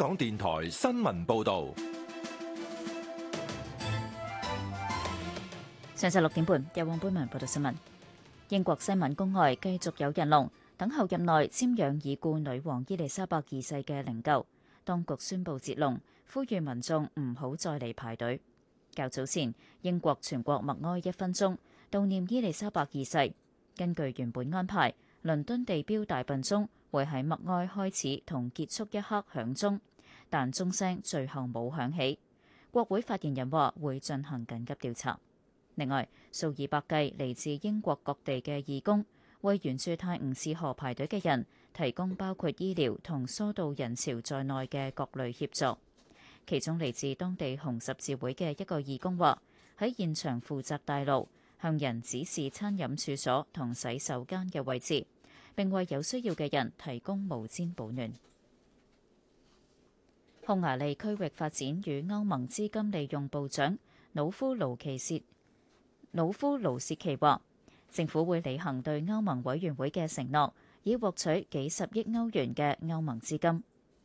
港電台新聞報道，上晝六點半，由黃貝文報道新聞。英國西敏宮外繼續有人龍等候入內瞻仰已故女王伊麗莎白二世嘅靈柩，當局宣佈截龍，呼籲民眾唔好再嚟排隊。較早前，英國全國默哀一分鐘，悼念伊麗莎白二世。根據原本安排，倫敦地標大笨鐘會喺默哀開始同結束一刻響鐘。但鐘聲最後冇響起。國會發言人話會進行緊急調查。另外，數以百計嚟自英國各地嘅義工，為援助泰晤士河排隊嘅人，提供包括醫療同疏導人潮在內嘅各類協助。其中嚟自當地紅十字會嘅一個義工話：喺現場負責帶路，向人指示餐飲處所同洗手間嘅位置，並為有需要嘅人提供毛氈保暖。匈牙利區域發展與歐盟資金利用部長魯夫盧奇切魯夫盧士奇話：政府會履行對歐盟委員會嘅承諾，以獲取幾十億歐元嘅歐盟資金。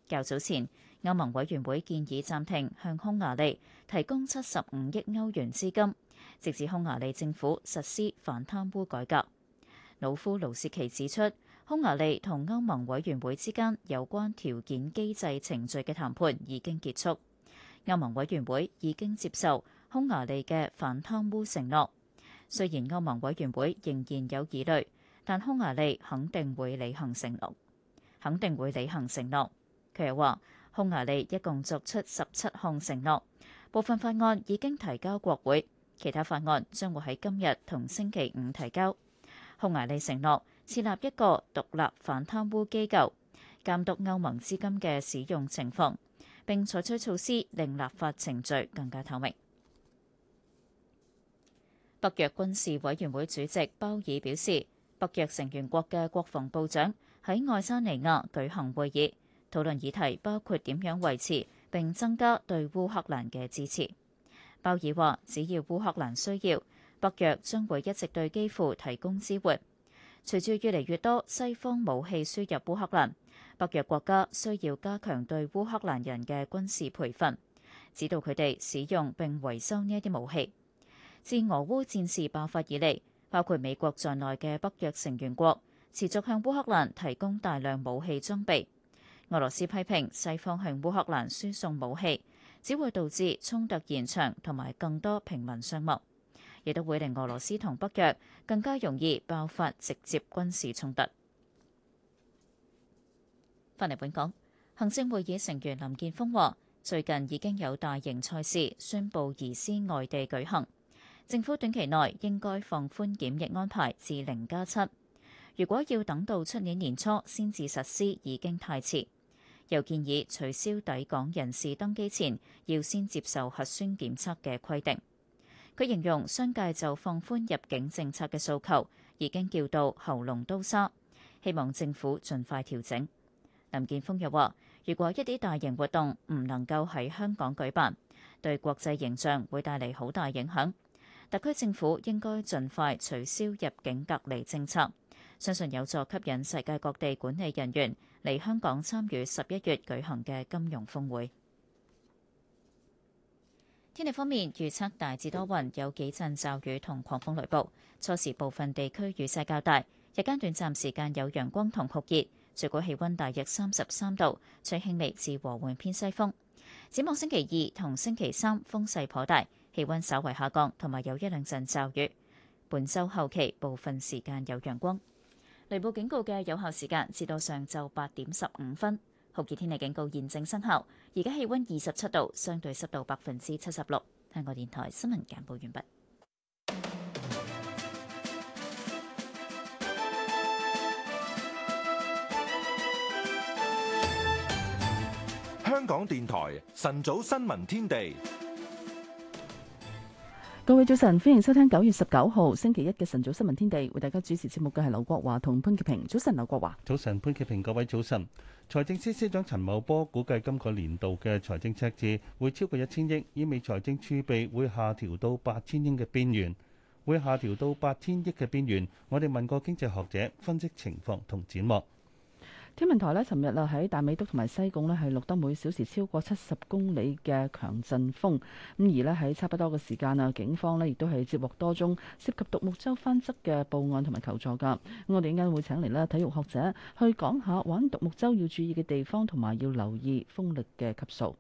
較早前，歐盟委員會建議暫停向匈牙利提供七十五億歐元資金，直至匈牙利政府實施反貪污改革。魯夫盧士奇指出。匈牙利同歐盟委員會之間有關條件機制程序嘅談判已經結束，歐盟委員會已經接受匈牙利嘅反貪污承諾。雖然歐盟委員會仍然有疑慮，但匈牙利肯定會履行承諾，肯定會履行承諾。佢又話，匈牙利一共作出十七項承諾，部分法案已經提交國會，其他法案將會喺今日同星期五提交。匈牙利承諾。設立一個獨立反貪污機構，監督歐盟資金嘅使用情況，並採取措施令立法程序更加透明。北約軍事委員會主席鮑爾表示，北約成員國嘅國防部長喺愛沙尼亞舉行會議，討論議題包括點樣維持並增加對烏克蘭嘅支持。鮑爾話：只要烏克蘭需要，北約將會一直對基輔提供支援。隨住越嚟越多西方武器輸入烏克蘭，北約國家需要加強對烏克蘭人嘅軍事培訓，指導佢哋使用並維修呢一啲武器。自俄烏戰事爆發以嚟，包括美國在內嘅北約成員國持續向烏克蘭提供大量武器裝備。俄羅斯批評西方向烏克蘭輸送武器，只會導致衝突延長同埋更多平民傷亡。亦都會令俄羅斯同北約更加容易爆發直接軍事衝突。翻嚟本港，行政會議成員林建峰話，最近已經有大型賽事宣布移師外地舉行，政府短期內應該放寬檢疫安排至零加七。7, 如果要等到出年年初先至實施，已經太遲。又建議取消抵港人士登機前要先接受核酸檢測嘅規定。佢形容商界就放寬入境政策嘅訴求，已經叫到喉嚨都沙，希望政府盡快調整。林健鋒又話，如果一啲大型活動唔能夠喺香港舉辦，對國際形象會帶嚟好大影響，特區政府應該盡快取消入境隔離政策，相信有助吸引世界各地管理人員嚟香港參與十一月舉行嘅金融峰會。天氣方面，預測大致多雲，有幾陣驟雨同狂風雷暴，初時部分地區雨勢較大，日間短暫時間有陽光同酷熱，最高氣溫大約三十三度，吹輕微至和緩偏西風。展望星期二同星期三風勢頗大，氣溫稍為下降，同埋有一兩陣驟雨。本週後期部分時間有陽光。雷暴警告嘅有效時間至到上晝八點十五分。酷熱天氣警告現正生效，而家氣溫二十七度，相對濕度百分之七十六。香港電台新聞簡報完畢。香港電台晨早新聞天地。各位早晨，歡迎收聽九月十九號星期一嘅晨早新聞天地，為大家主持節目嘅係劉國華同潘潔平。早晨，劉國華。早晨，潘潔平。各位早晨。財政司司長陳茂波估計今個年度嘅財政赤字會超過一千億，意味財政儲備會下調到八千億嘅邊緣，會下調到八千億嘅邊緣，我哋問過經濟學者分析情況同展望。天文台咧，尋日啊喺大美督同埋西貢咧，係錄得每小時超過七十公里嘅強陣風。咁而咧喺差不多嘅時間啊，警方咧亦都係接獲多宗涉及獨木舟翻側嘅報案同埋求助噶。咁我哋陣間會請嚟咧體育學者去講下玩獨木舟要注意嘅地方同埋要留意風力嘅級數。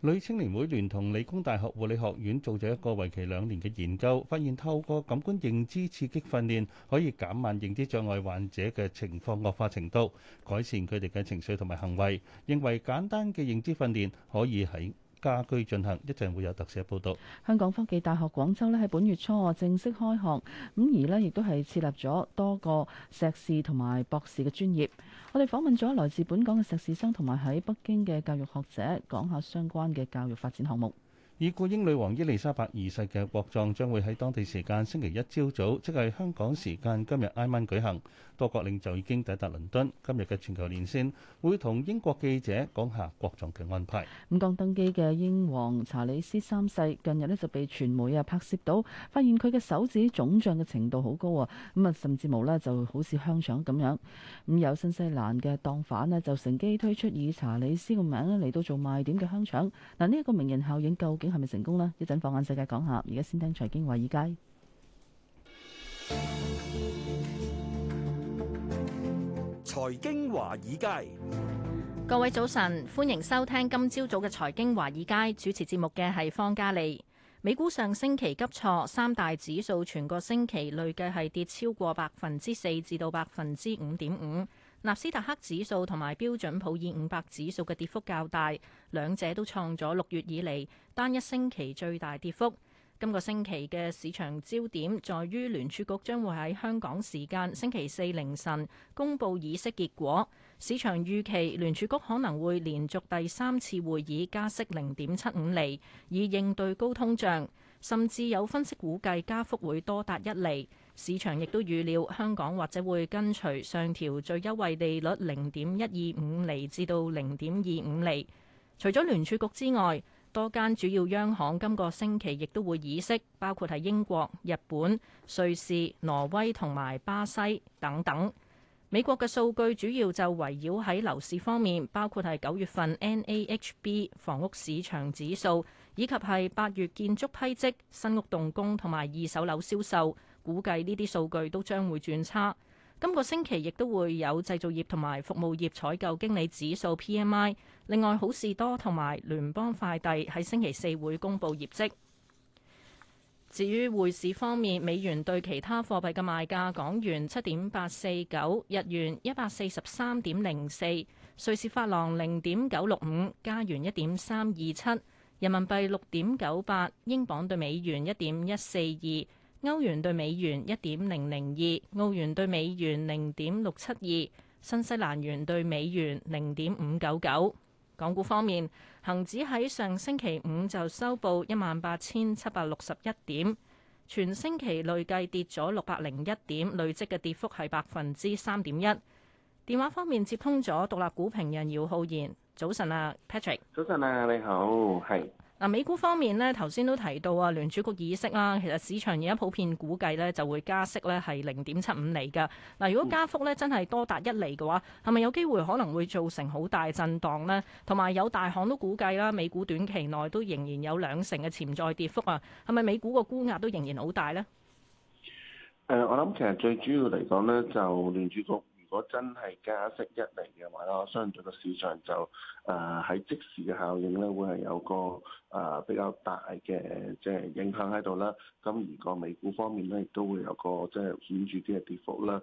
女青年會聯同理工大學護理學院做咗一個為期兩年嘅研究，發現透過感官認知刺激訓練，可以減慢認知障礙患者嘅情況惡化程度，改善佢哋嘅情緒同埋行為。認為簡單嘅認知訓練可以喺家居進行，一陣會有特寫報道。香港科技大學廣州咧喺本月初正式開學，咁而咧亦都係設立咗多個碩士同埋博士嘅專業。我哋訪問咗來自本港嘅碩士生同埋喺北京嘅教育學者，講下相關嘅教育發展項目。已故英女王伊麗莎白二世嘅國葬將會喺當地時間星期一朝早，即係香港時間今日挨晚舉行。多國領袖已經抵達倫敦。今日嘅全球連線會同英國記者講下國葬嘅安排。啱啱登基嘅英皇查理斯三世近日咧就被傳媒啊拍攝到，發現佢嘅手指腫脹嘅程度好高啊！咁啊，甚至無啦就好似香腸咁樣，咁有新西蘭嘅檔販咧就乘機推出以查理斯嘅名咧嚟到做賣點嘅香腸，嗱，呢一個名人效應究竟？係咪成功啦？一陣放眼世界講下。而家先聽財經華爾街。財經華爾街，各位早晨，歡迎收聽今朝早嘅財經華爾街，主持節目嘅係方嘉莉。美股上星期急挫，三大指數全個星期累計係跌超過百分之四至到百分之五點五。納斯達克指數同埋標準普爾五百指數嘅跌幅較大，兩者都創咗六月以嚟單一星期最大跌幅。今個星期嘅市場焦點在於聯儲局將會喺香港時間星期四凌晨公布議息結果，市場預期聯儲局可能會連續第三次會議加息零點七五厘，以應對高通脹，甚至有分析估計加幅會多達一厘。市場亦都預料，香港或者會跟隨上調最優惠利率，零點一二五厘至到零點二五厘。除咗聯儲局之外，多間主要央行今個星期亦都會議息，包括係英國、日本、瑞士、挪威同埋巴西等等。美國嘅數據主要就圍繞喺樓市方面，包括係九月份 NAHB 房屋市場指數，以及係八月建築批積、新屋動工同埋二手樓銷售。估計呢啲數據都將會轉差。今個星期亦都會有製造業同埋服務業採購經理指數 PMI。另外，好事多同埋聯邦快遞喺星期四會公布業績。至於匯市方面，美元對其他貨幣嘅賣價：港元七點八四九，日元一百四十三點零四，瑞士法郎零點九六五，加元一點三二七，人民幣六點九八，英鎊對美元一點一四二。歐元對美元一點零零二，澳元對美元零點六七二，新西蘭元對美元零點五九九。港股方面，恒指喺上星期五就收報一萬八千七百六十一點，全星期累計跌咗六百零一點，累積嘅跌幅係百分之三點一。電話方面接通咗獨立股評人姚浩然：早啊「早晨啊，Patrick。早晨啊，你好，係。嗱，美股方面呢，頭先都提到啊，聯儲局議息啦，其實市場而家普遍估計呢，就會加息呢係零點七五厘嘅。嗱，如果加幅呢真係多達一厘嘅話，係咪有機會可能會造成好大震盪呢？同埋有，有大行都估計啦，美股短期內都仍然有兩成嘅潛在跌幅啊。係咪美股個沽壓都仍然好大呢？誒，我諗其實最主要嚟講呢，就聯儲局。如果真係加息一嚟嘅話，我相信個市場就誒喺、呃、即時嘅效應咧，會係有個誒、呃、比較大嘅即係影響喺度啦。咁而個美股方面咧，亦都會有個即係、呃、顯著啲嘅跌幅啦。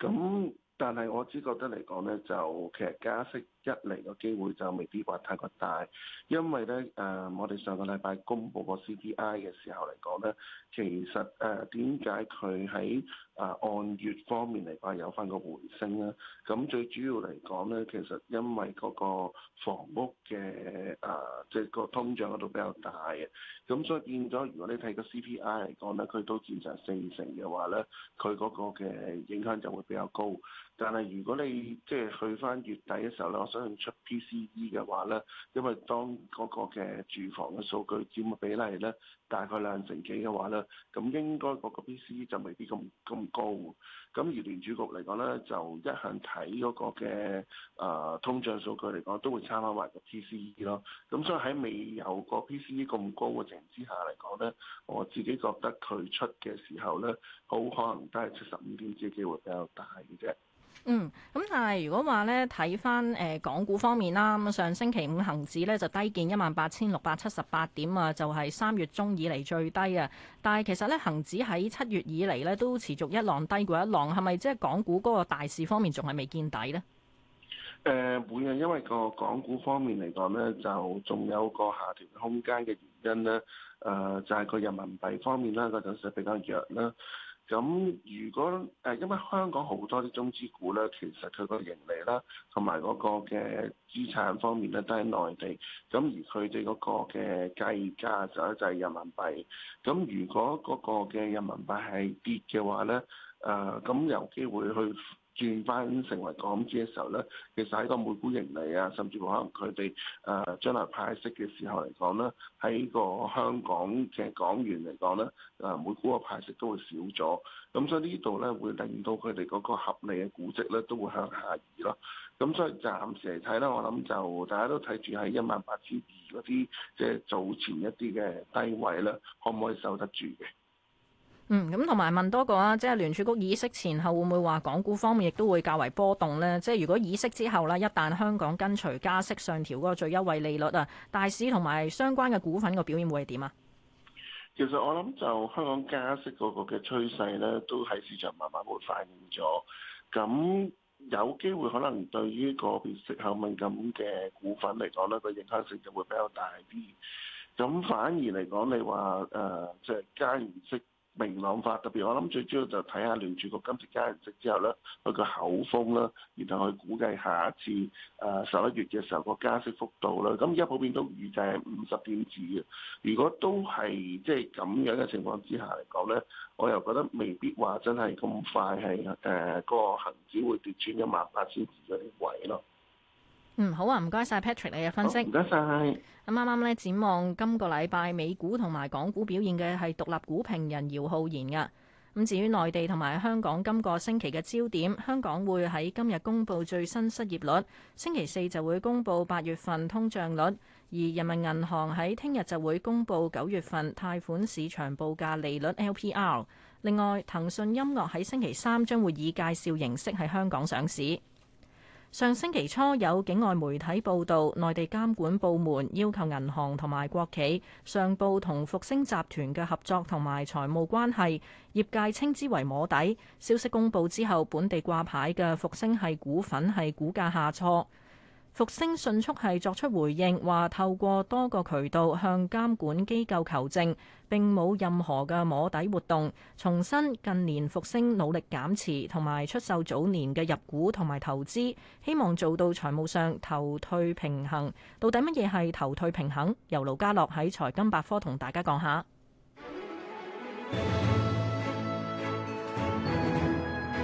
咁但係我只覺得嚟講咧，就其實加息，一嚟個機會就未必話太過大，因為咧誒、呃，我哋上個禮拜公布個 CPI 嘅時候嚟講咧，其實誒點解佢喺誒按月方面嚟講有翻個回升咧？咁最主要嚟講咧，其實因為嗰個房屋嘅誒，即、呃、係、就是、個通脹嗰度比較大嘅，咁所以變咗，如果你睇個 CPI 嚟講咧，佢都佔成四成嘅話咧，佢嗰個嘅影響就會比較高。但係如果你即係去翻月底嘅時候咧，我想出 PCE 嘅話咧，因為當嗰個嘅住房嘅數據佔嘅比例咧，大概兩成幾嘅話咧，咁應該嗰個 PCE 就未必咁咁高。咁而聯儲局嚟講咧，就一向睇嗰個嘅啊、呃、通脹數據嚟講，都會參考埋個 PCE 咯。咁所以喺未有個 PCE 咁高嘅情況之下嚟講咧，我自己覺得佢出嘅時候咧，好可能都係七十五點幾嘅機會比較大嘅啫。嗯，咁但係如果話咧睇翻誒港股方面啦，咁上星期五恒指咧就低見一萬八千六百七十八點啊，就係、是、三月中以嚟最低啊。但係其實咧恒指喺七月以嚟咧都持續一浪低過一浪，係咪即係港股嗰個大市方面仲係未見底呢？誒會嘅，因為個港股方面嚟講咧就仲有個下調空間嘅原因咧，誒、呃、就係、是、個人民幣方面咧個走勢比較弱啦。咁如果誒、呃，因為香港好多啲中資股咧，其實佢個盈利啦，同埋嗰個嘅資產方面咧，都喺內地。咁而佢哋嗰個嘅計價就係人民幣。咁如果嗰個嘅人民幣係跌嘅話咧，誒、呃，咁有機會去轉翻成為港資嘅時候咧，其實喺個每股盈利啊，甚至乎可能佢哋誒將來派息嘅時候嚟講咧，喺個香港嘅港元嚟講咧，誒每股嘅派息都會少咗，咁所以呢度咧會令到佢哋嗰個合理嘅估值咧都會向下移咯。咁所以暫時嚟睇咧，我諗就大家都睇住喺一萬八千二嗰啲，即係早前一啲嘅低位咧，可唔可以守得住嘅？嗯，咁同埋問多個啊，即係聯儲局議息前後會唔會話港股方面亦都會較為波動咧？即係如果議息之後啦，一旦香港跟隨加息上調嗰個最優惠利率啊，大市同埋相關嘅股份個表現會係點啊？其實我諗就香港加息嗰個嘅趨勢咧，都喺市場慢慢會反映咗。咁有機會可能對於個別息口敏感嘅股份嚟講咧，個影響性就會比較大啲。咁反而嚟講，你話誒即係加完息。明朗化，特別我諗最主要就睇下聯儲局今次加息之後咧，佢個口風啦，然後去估計下一次誒十一月嘅時候個加息幅度啦。咁而家普遍都預計係五十點子嘅，如果都係即係咁樣嘅情況之下嚟講咧，我又覺得未必話真係咁快係誒、呃嗰個恒指會跌穿一萬八千點嗰啲位咯。嗯，好啊，唔該晒 Patrick 你嘅分析。唔該晒。咁啱啱呢，展望今個禮拜美股同埋港股表現嘅係獨立股評人姚浩然㗎。咁、嗯、至於內地同埋香港今個星期嘅焦點，香港會喺今日公布最新失業率，星期四就會公布八月份通脹率，而人民銀行喺聽日就會公布九月份貸款市場報價利率 LPR。另外，騰訊音樂喺星期三將會以介紹形式喺香港上市。上星期初有境外媒體報道，內地監管部門要求銀行同埋國企，上報同復星集團嘅合作同埋財務關係，業界稱之為摸底。消息公布之後，本地掛牌嘅復星系股份係股價下挫。復星迅速係作出回應，話透過多個渠道向監管機構求證，並冇任何嘅摸底活動。重申近年復星努力減持同埋出售早年嘅入股同埋投資，希望做到財務上投退平衡。到底乜嘢係投退平衡？由盧家樂喺財金百科同大家講下。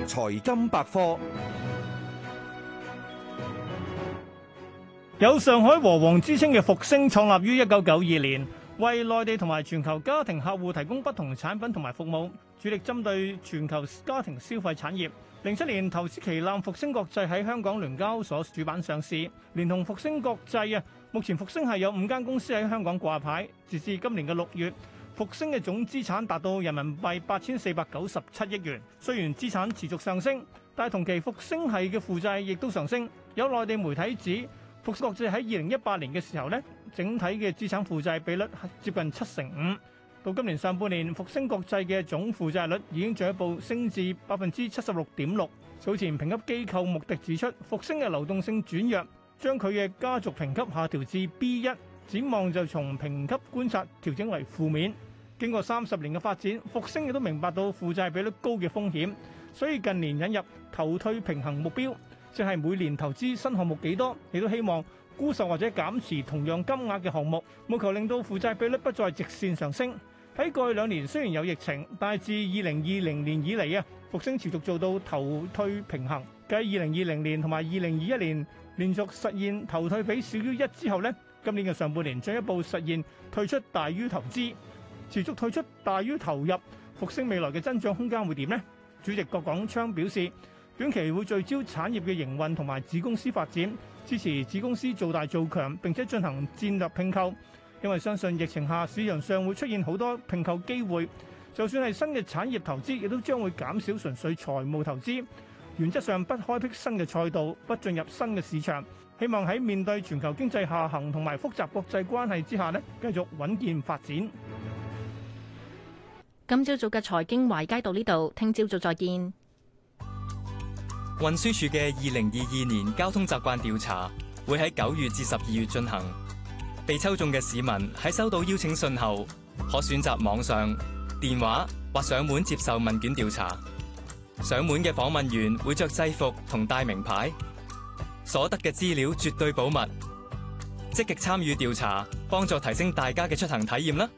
財金百科。同大家有上海和王之稱嘅復星創立於一九九二年，為內地同埋全球家庭客戶提供不同產品同埋服務，主力針對全球家庭消費產業。零七年投資旗艦復星國際喺香港聯交所主板上市，連同復星國際啊，目前復星係有五間公司喺香港掛牌。直至今年嘅六月，復星嘅總資產達到人民幣八千四百九十七億元。雖然資產持續上升，但同期復星系嘅負債亦都上升。有內地媒體指。復星國際喺二零一八年嘅時候呢，整體嘅資產負債比率接近七成五。到今年上半年，復星國際嘅總負債率已經進一步升至百分之七十六點六。早前評級機構穆迪指出，復星嘅流動性轉弱，將佢嘅家族評級下調至 B 一，展望就從評級觀察調整為負面。經過三十年嘅發展，復星亦都明白到負債比率高嘅風險，所以近年引入投退平衡目標。即係每年投資新項目幾多，亦都希望沽售或者減持同樣金額嘅項目，務求令到負債比率不再直線上升。喺過去兩年雖然有疫情，但係自二零二零年以嚟啊，復星持續做到投退平衡，繼二零二零年同埋二零二一年連續實現投退比小於一之後咧，今年嘅上半年進一步實現退出大於投資，持續退出大於投入，復星未來嘅增長空間會點呢？主席郭廣昌表示。短期會聚焦產業嘅營運同埋子公司發展，支持子公司做大做強，並且進行戰略併購。因為相信疫情下市場上會出現好多併購機會。就算係新嘅產業投資，亦都將會減少純粹財務投資。原則上不開闢新嘅賽道，不進入新嘅市場。希望喺面對全球經濟下行同埋複雜國際關係之下咧，繼續穩健發展。今朝早嘅財經懷街到呢度，聽朝早再見。運輸署嘅二零二二年交通習慣調查會喺九月至十二月進行，被抽中嘅市民喺收到邀請信後，可選擇網上、電話或上門接受問卷調查。上門嘅訪問員會着制服同戴名牌，所得嘅資料絕對保密。積極參與調查，幫助提升大家嘅出行體驗啦！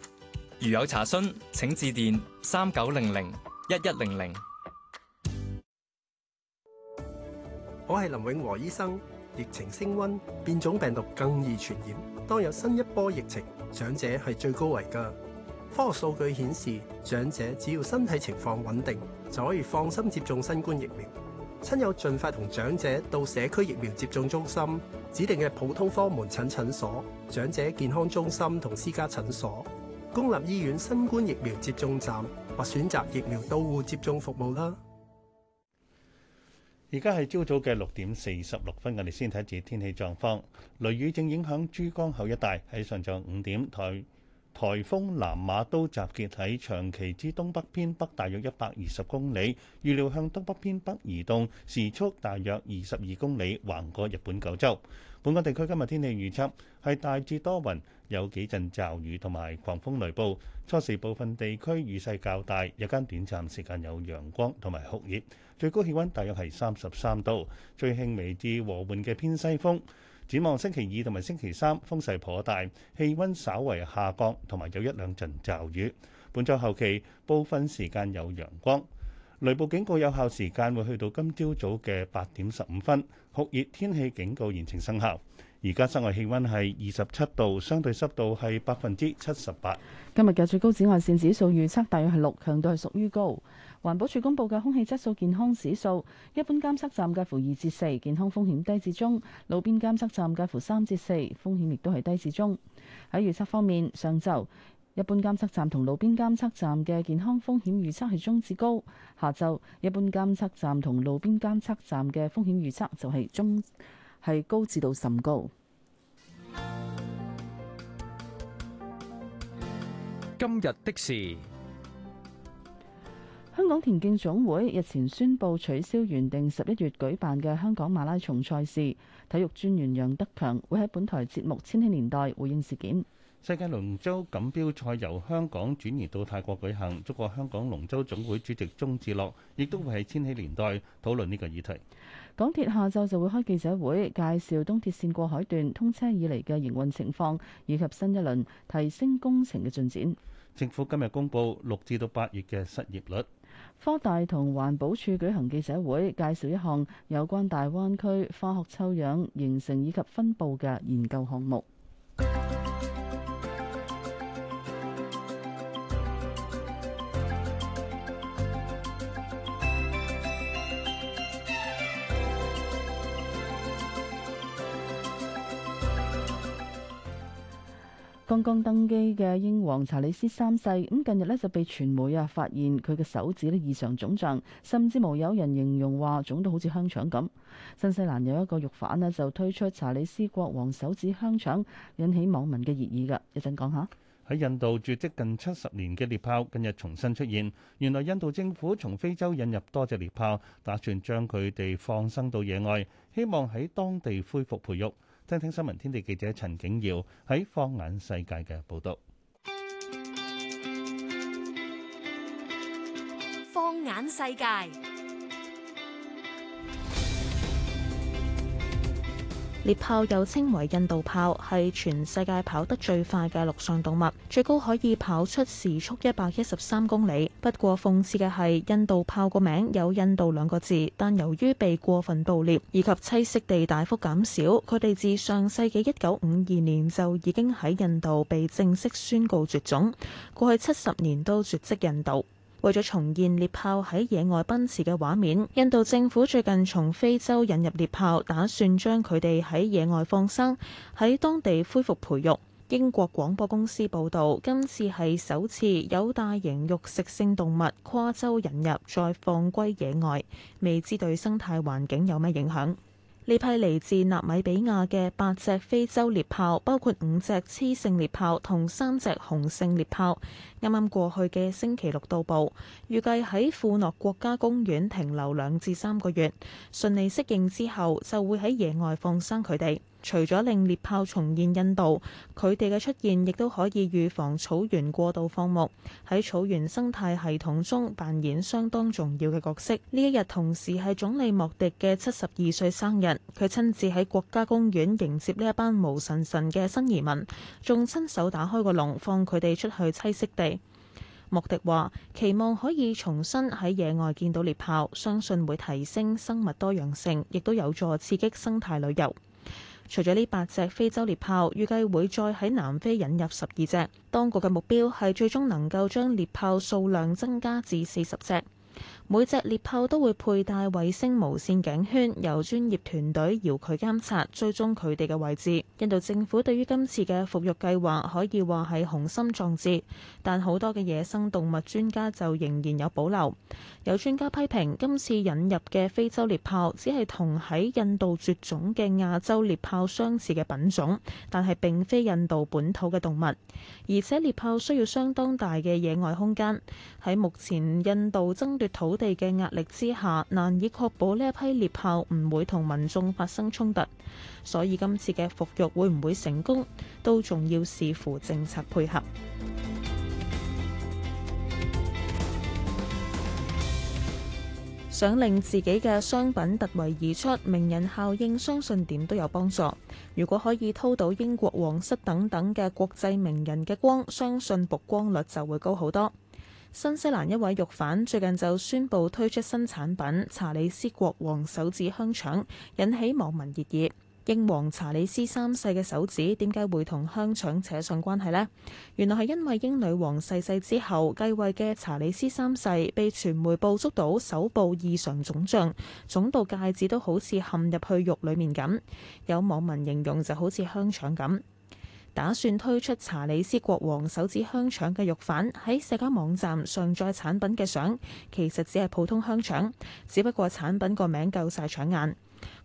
如有查詢，請致電三九零零一一零零。我係林永和醫生，疫情升溫，變種病毒更易傳染。當有新一波疫情，長者係最高危噶。科學數據顯示，長者只要身體情況穩定，就可以放心接種新冠疫苗。親友盡快同長者到社區疫苗接種中心、指定嘅普通科門診診所、長者健康中心同私家診所、公立醫院新冠疫苗接種站或選擇疫苗到戶接種服務啦。而家係朝早嘅六點四十六分，我哋先睇下今日天氣狀況。雷雨正影響珠江口一帶，喺上晝五點台。颱風南瑪都集結喺長崎之東北偏北大約一百二十公里，預料向東北偏北移動，時速大約二十二公里，橫過日本九州。本港地區今日天氣預測係大致多雲，有幾陣驟雨同埋狂風雷暴，初時部分地區雨勢較大，日間短暫時間有陽光同埋酷熱，最高氣溫大約係三十三度，最輕微至和緩嘅偏西風。展望星期二同埋星期三風勢頗大，氣温稍為下降，同埋有一兩陣驟雨。本周後期部分時間有陽光，雷暴警告有效時間會去到今朝早嘅八點十五分。酷熱天氣警告現正生效。而家室外氣温係二十七度，相對濕度係百分之七十八。今日嘅最高紫外線指數預測大約係六，強度係屬於高。環保署公布嘅空氣質素健康指數，一般監測站介乎二至四，健康風險低至中；路邊監測站介乎三至四，風險亦都係低至中。喺預測方面，上晝一般監測站同路邊監測站嘅健康風險預測係中至高；下晝一般監測站同路邊監測站嘅風險預測就係中係高至到甚高。今日的事。香港田徑總會日前宣布取消原定十一月舉辦嘅香港馬拉松賽事。體育專員楊德強會喺本台節目《千禧年代》回應事件。世界龍舟錦標賽由香港轉移到泰國舉行，中國香港龍舟總會主席鍾志樂亦都會喺《千禧年代》討論呢個議題。港鐵下晝就會開記者會，介紹東鐵綫過海段通車以嚟嘅營運情況，以及新一輪提升工程嘅進展。政府今日公布六至到八月嘅失業率。科大同環保署舉行記者會，介紹一項有關大灣區化學抽樣形成以及分佈嘅研究項目。剛剛登基嘅英皇查理斯三世，咁近日咧就被傳媒啊發現佢嘅手指咧異常腫脹，甚至無有人形容話腫到好似香腸咁。新西蘭有一個肉販咧就推出查理斯國王手指香腸，引起網民嘅熱議㗎。講一陣講下。喺印度絕跡近七十年嘅獵豹，近日重新出現。原來印度政府從非洲引入多隻獵豹，打算將佢哋放生到野外，希望喺當地恢復培育。收聽新聞天地記者陳景耀喺《放眼世界》嘅報道，《放眼世界》。獵豹又稱為印度豹，係全世界跑得最快嘅陸上動物，最高可以跑出時速一百一十三公里。不過諷刺嘅係，印度豹個名有印度兩個字，但由於被過分捕獵以及棲息地大幅減少，佢哋自上世紀一九五二年就已經喺印度被正式宣告絕種，過去七十年都絕跡印度。為咗重現獵豹喺野外奔馳嘅畫面，印度政府最近從非洲引入獵豹，打算將佢哋喺野外放生，喺當地恢復培育。英國廣播公司報導，今次係首次有大型肉食性動物跨洲引入再放歸野外，未知對生態環境有咩影響。呢批嚟自納米比亞嘅八隻非洲獵豹，包括五隻雌性獵豹同三隻雄性獵豹，啱啱過去嘅星期六到埗，預計喺庫諾國家公園停留兩至三個月，順利適應之後就會喺野外放生佢哋。除咗令獵豹重現印度，佢哋嘅出現亦都可以預防草原過度放牧，喺草原生態系統中扮演相當重要嘅角色。呢一日同時係總理莫迪嘅七十二歲生日，佢親自喺國家公園迎接呢一班無神神嘅新移民，仲親手打開個籠放佢哋出去棲息地。莫迪話期望可以重新喺野外見到獵豹，相信會提升生物多樣性，亦都有助刺激生態旅遊。除咗呢八隻非洲獵豹，預計會再喺南非引入十二隻。當局嘅目標係最終能夠將獵豹數量增加至四十隻。每隻獵豹都會佩戴衛星無線頸圈，由專業團隊搖佢監察、追蹤佢哋嘅位置。印度政府對於今次嘅復育計劃可以話係雄心壯志，但好多嘅野生動物專家就仍然有保留。有專家批評今次引入嘅非洲獵豹只係同喺印度絕種嘅亞洲獵豹相似嘅品種，但係並非印度本土嘅動物，而且獵豹需要相當大嘅野外空間。喺目前印度爭奪土地地嘅壓力之下，難以確保呢一批獵豹唔會同民眾發生衝突，所以今次嘅復育會唔會成功，都仲要視乎政策配合。 想令自己嘅商品突圍而出，名人效應相信點都有幫助。如果可以偷到英國皇室等等嘅國際名人嘅光，相信曝光率就會高好多。新西蘭一位肉販最近就宣布推出新產品查理斯國王手指香腸，引起網民熱議。英皇查理斯三世嘅手指點解會同香腸扯上關係呢？原來係因為英女王逝世之後繼位嘅查理斯三世被傳媒捕捉到手部異常腫脹，腫到戒指都好似陷入去肉裡面咁，有網民形容就好似香腸咁。打算推出查理斯國王手指香腸嘅肉販喺社交網站上載產品嘅相，其實只係普通香腸，只不過產品個名夠晒搶眼。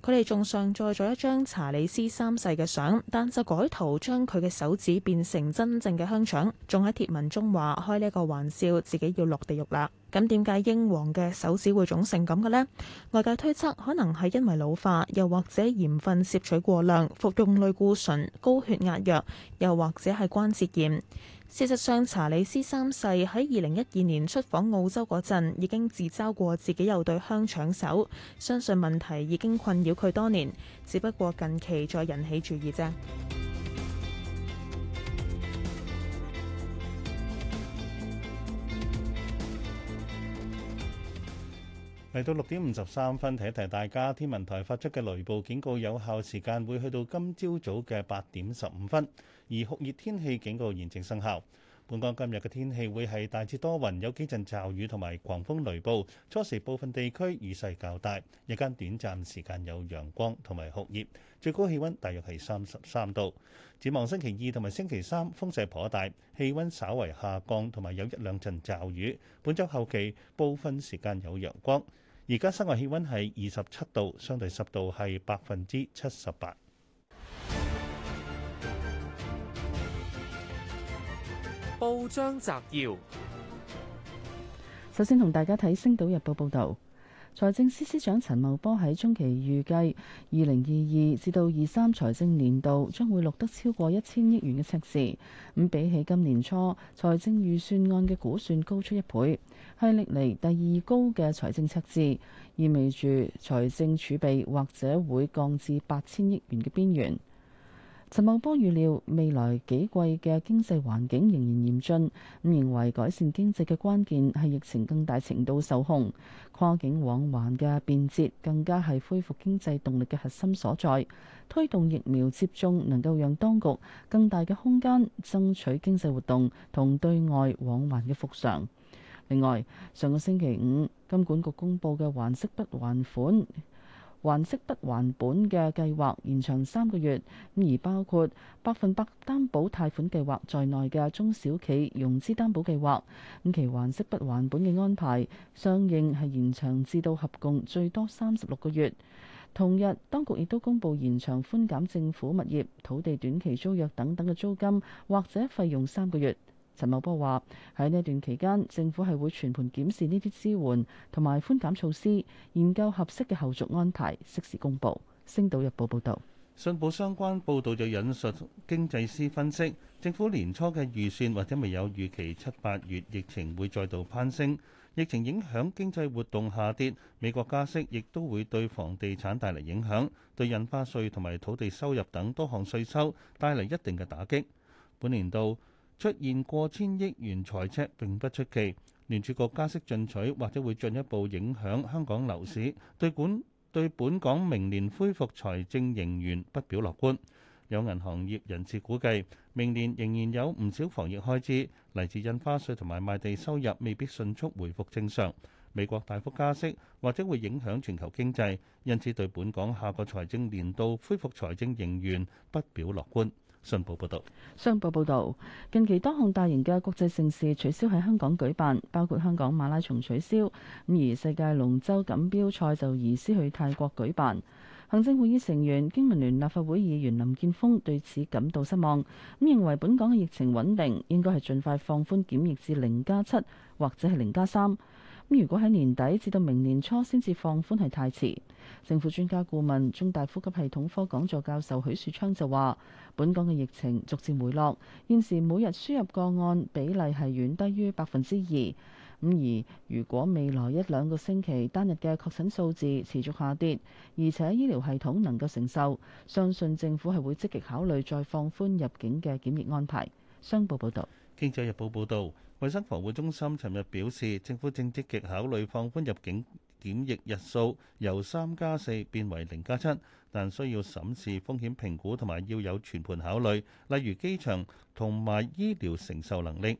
佢哋仲上載咗一張查理斯三世嘅相，但就改圖將佢嘅手指變成真正嘅香腸，仲喺貼文中話開呢個玩笑，自己要落地獄啦。咁點解英皇嘅手指會腫成咁嘅呢？外界推測可能係因為老化，又或者鹽分攝取過量，服用類固醇、高血壓藥，又或者係關節炎。事實上，查理斯三世喺二零一二年出訪澳洲嗰陣，已經自嘲過自己有對香腸手，相信問題已經困擾佢多年，只不過近期再引起注意啫。嚟到六點五十三分，提一提大家，天文台發出嘅雷暴警告有效時間會去到今朝早嘅八點十五分，而酷熱天氣警告現正生效。本港今日嘅天氣會係大致多雲，有幾陣驟雨同埋狂風雷暴，初時部分地區雨勢較大，日間短暫時間有陽光同埋酷熱，最高氣温大約係三十三度。展望星期二同埋星期三，風勢頗大，氣温稍為下降，同埋有一兩陣驟雨。本週後期部分時間有陽光。而家室外氣温係二十七度，相對濕度係百分之七十八。報章摘要，首先同大家睇《星島日報》報導。財政司司長陳茂波喺中期預計，二零二二至到二三財政年度將會錄得超過一千億元嘅赤字。咁比起今年初財政預算案嘅估算高出一倍，係歷嚟第二高嘅財政赤字，意味住財政儲備或者會降至八千億元嘅邊緣。陳茂波預料未來幾季嘅經濟環境仍然嚴峻，咁認為改善經濟嘅關鍵係疫情更大程度受控，跨境往還嘅便捷更加係恢復經濟動力嘅核心所在。推動疫苗接種能夠讓當局更大嘅空間爭取經濟活動同對外往還嘅復常。另外，上個星期五金管局公佈嘅還息不還款。還息不還本嘅計劃延長三個月，咁而包括百分百擔保貸款計劃在內嘅中小企融資擔保計劃，咁其還息不還本嘅安排，相應係延長至到合共最多三十六個月。同日，當局亦都公布延長寬減政府物業、土地短期租約等等嘅租金或者費用三個月。陳茂波話：喺呢段期間，政府係會全盤檢視呢啲支援同埋寬減措施，研究合適嘅後續安排，適時公佈。《星島日報》報道，信報相關報導就引述經濟師分析，政府年初嘅預算或者未有預期，七八月疫情會再度攀升。疫情影響經濟活動下跌，美國加息亦都會對房地產帶嚟影響，對印花稅同埋土地收入等多項稅收帶嚟一定嘅打擊。本年度出現過千億元財赤並不出奇，聯儲局加息進取或者會進一步影響香港樓市，對管對本港明年恢復財政盈餘不表樂觀。有銀行業人士估計，明年仍然有唔少防疫開支，嚟自印花稅同埋賣地收入未必迅速回復正常。美國大幅加息或者會影響全球經濟，因此對本港下個財政年度恢復財政盈餘不表樂觀。商報報道，商報報道，近期多項大型嘅國際盛事取消喺香港舉辦，包括香港馬拉松取消，咁而世界龍舟錦標賽就移師去泰國舉辦。行政會議成員、經民聯立法會議員林健鋒對此感到失望，咁認為本港嘅疫情穩定，應該係盡快放寬檢疫至零加七或者係零加三。咁如果喺年底至到明年初先至放寬係太遲，政府專家顧問中大呼吸系統科講座教授許樹昌就話，本港嘅疫情逐漸回落，現時每日輸入個案比例係遠低於百分之二。咁而如果未來一兩個星期單日嘅確診數字持續下跌，而且醫療系統能夠承受，相信政府係會積極考慮再放寬入境嘅檢疫安排。商報報道，經濟日報報道。衞生防護中心尋日表示，政府正積極考慮放寬入境檢疫日數由，由三加四變為零加七，7，但需要審視風險評估同埋要有全盤考慮，例如機場同埋醫療承受能力。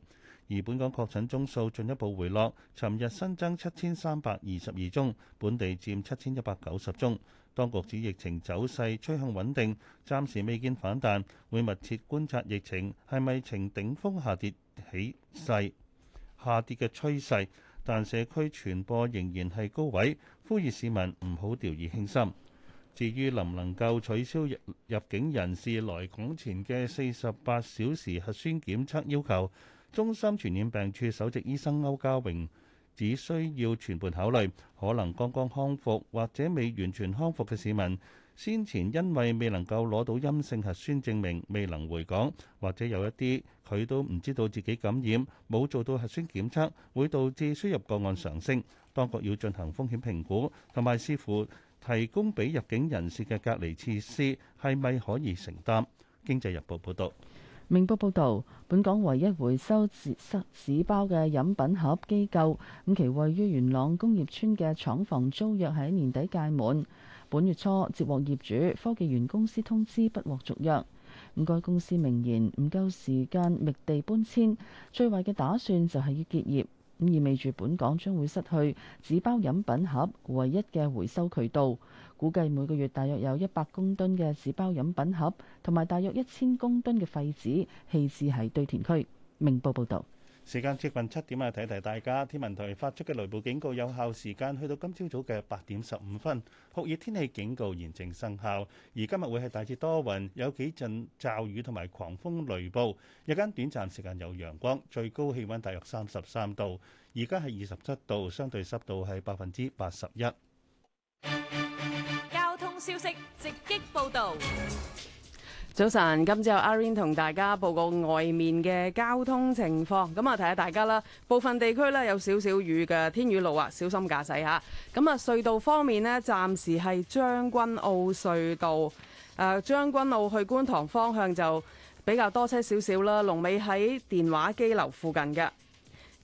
而本港確診宗數進一步回落，尋日新增七千三百二十二宗，本地佔七千一百九十宗。當局指疫情走勢趨向穩定，暫時未見反彈，會密切觀察疫情係咪呈頂峰下跌起勢下跌嘅趨勢，但社區傳播仍然係高位，呼籲市民唔好掉以輕心。至於能唔能夠取消入入境人士來港前嘅四十八小時核酸檢測要求？中心傳染病處首席醫生歐家榮，只需要全盤考慮。可能剛剛康復或者未完全康復嘅市民，先前因為未能夠攞到陰性核酸證明，未能回港，或者有一啲佢都唔知道自己感染，冇做到核酸檢測，會導致輸入個案上升。當局要進行風險評估，同埋師傅提供俾入境人士嘅隔離設施係咪可以承擔？經濟日報報導。明報報導，本港唯一回收紙質紙包嘅飲品盒機構，咁其位於元朗工業村嘅廠房租約喺年底屆滿。本月初接獲業主科技園公司通知，不獲續約。咁該公司明言唔夠時間覓地搬遷，最壞嘅打算就係要結業，咁意味住本港將會失去紙包飲品盒唯一嘅回收渠道。估計每個月大約有一百公噸嘅紙包飲品盒，同埋大約一千公噸嘅廢紙棄置喺堆填區。明報報導。時間接近七點啊，提提大家。天文台發出嘅雷暴警告有效時間去到今朝早嘅八點十五分，酷熱天氣警告現正生效。而今日會係大致多雲，有幾陣驟雨同埋狂風雷暴。日間短暫時間有陽光，最高氣温大約三十三度。而家係二十七度，相對濕度係百分之八十一。交通消息直擊報道。早晨，今朝阿 rain 同大家報告外面嘅交通情況。咁啊，提下大家啦，部分地區呢，有少少雨嘅，天雨路啊，小心駕駛吓。咁啊，隧道方面呢，暫時係將軍澳隧道，誒、啊，將軍澳去觀塘方向就比較多車少少啦。龍尾喺電話機樓附近嘅。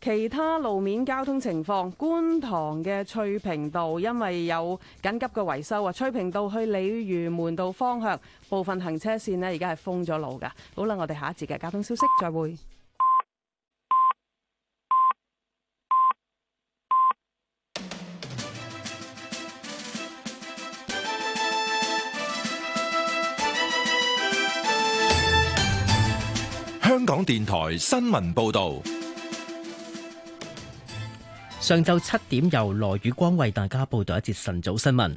其他路面交通情況，觀塘嘅翠屏道因為有緊急嘅維修啊，翠屏道去鯉魚門道方向部分行車線咧，而家係封咗路㗎。好啦，我哋下一節嘅交通消息，再會。香港電台新聞報道。上晝七點，由羅宇光為大家報道一節晨早新聞。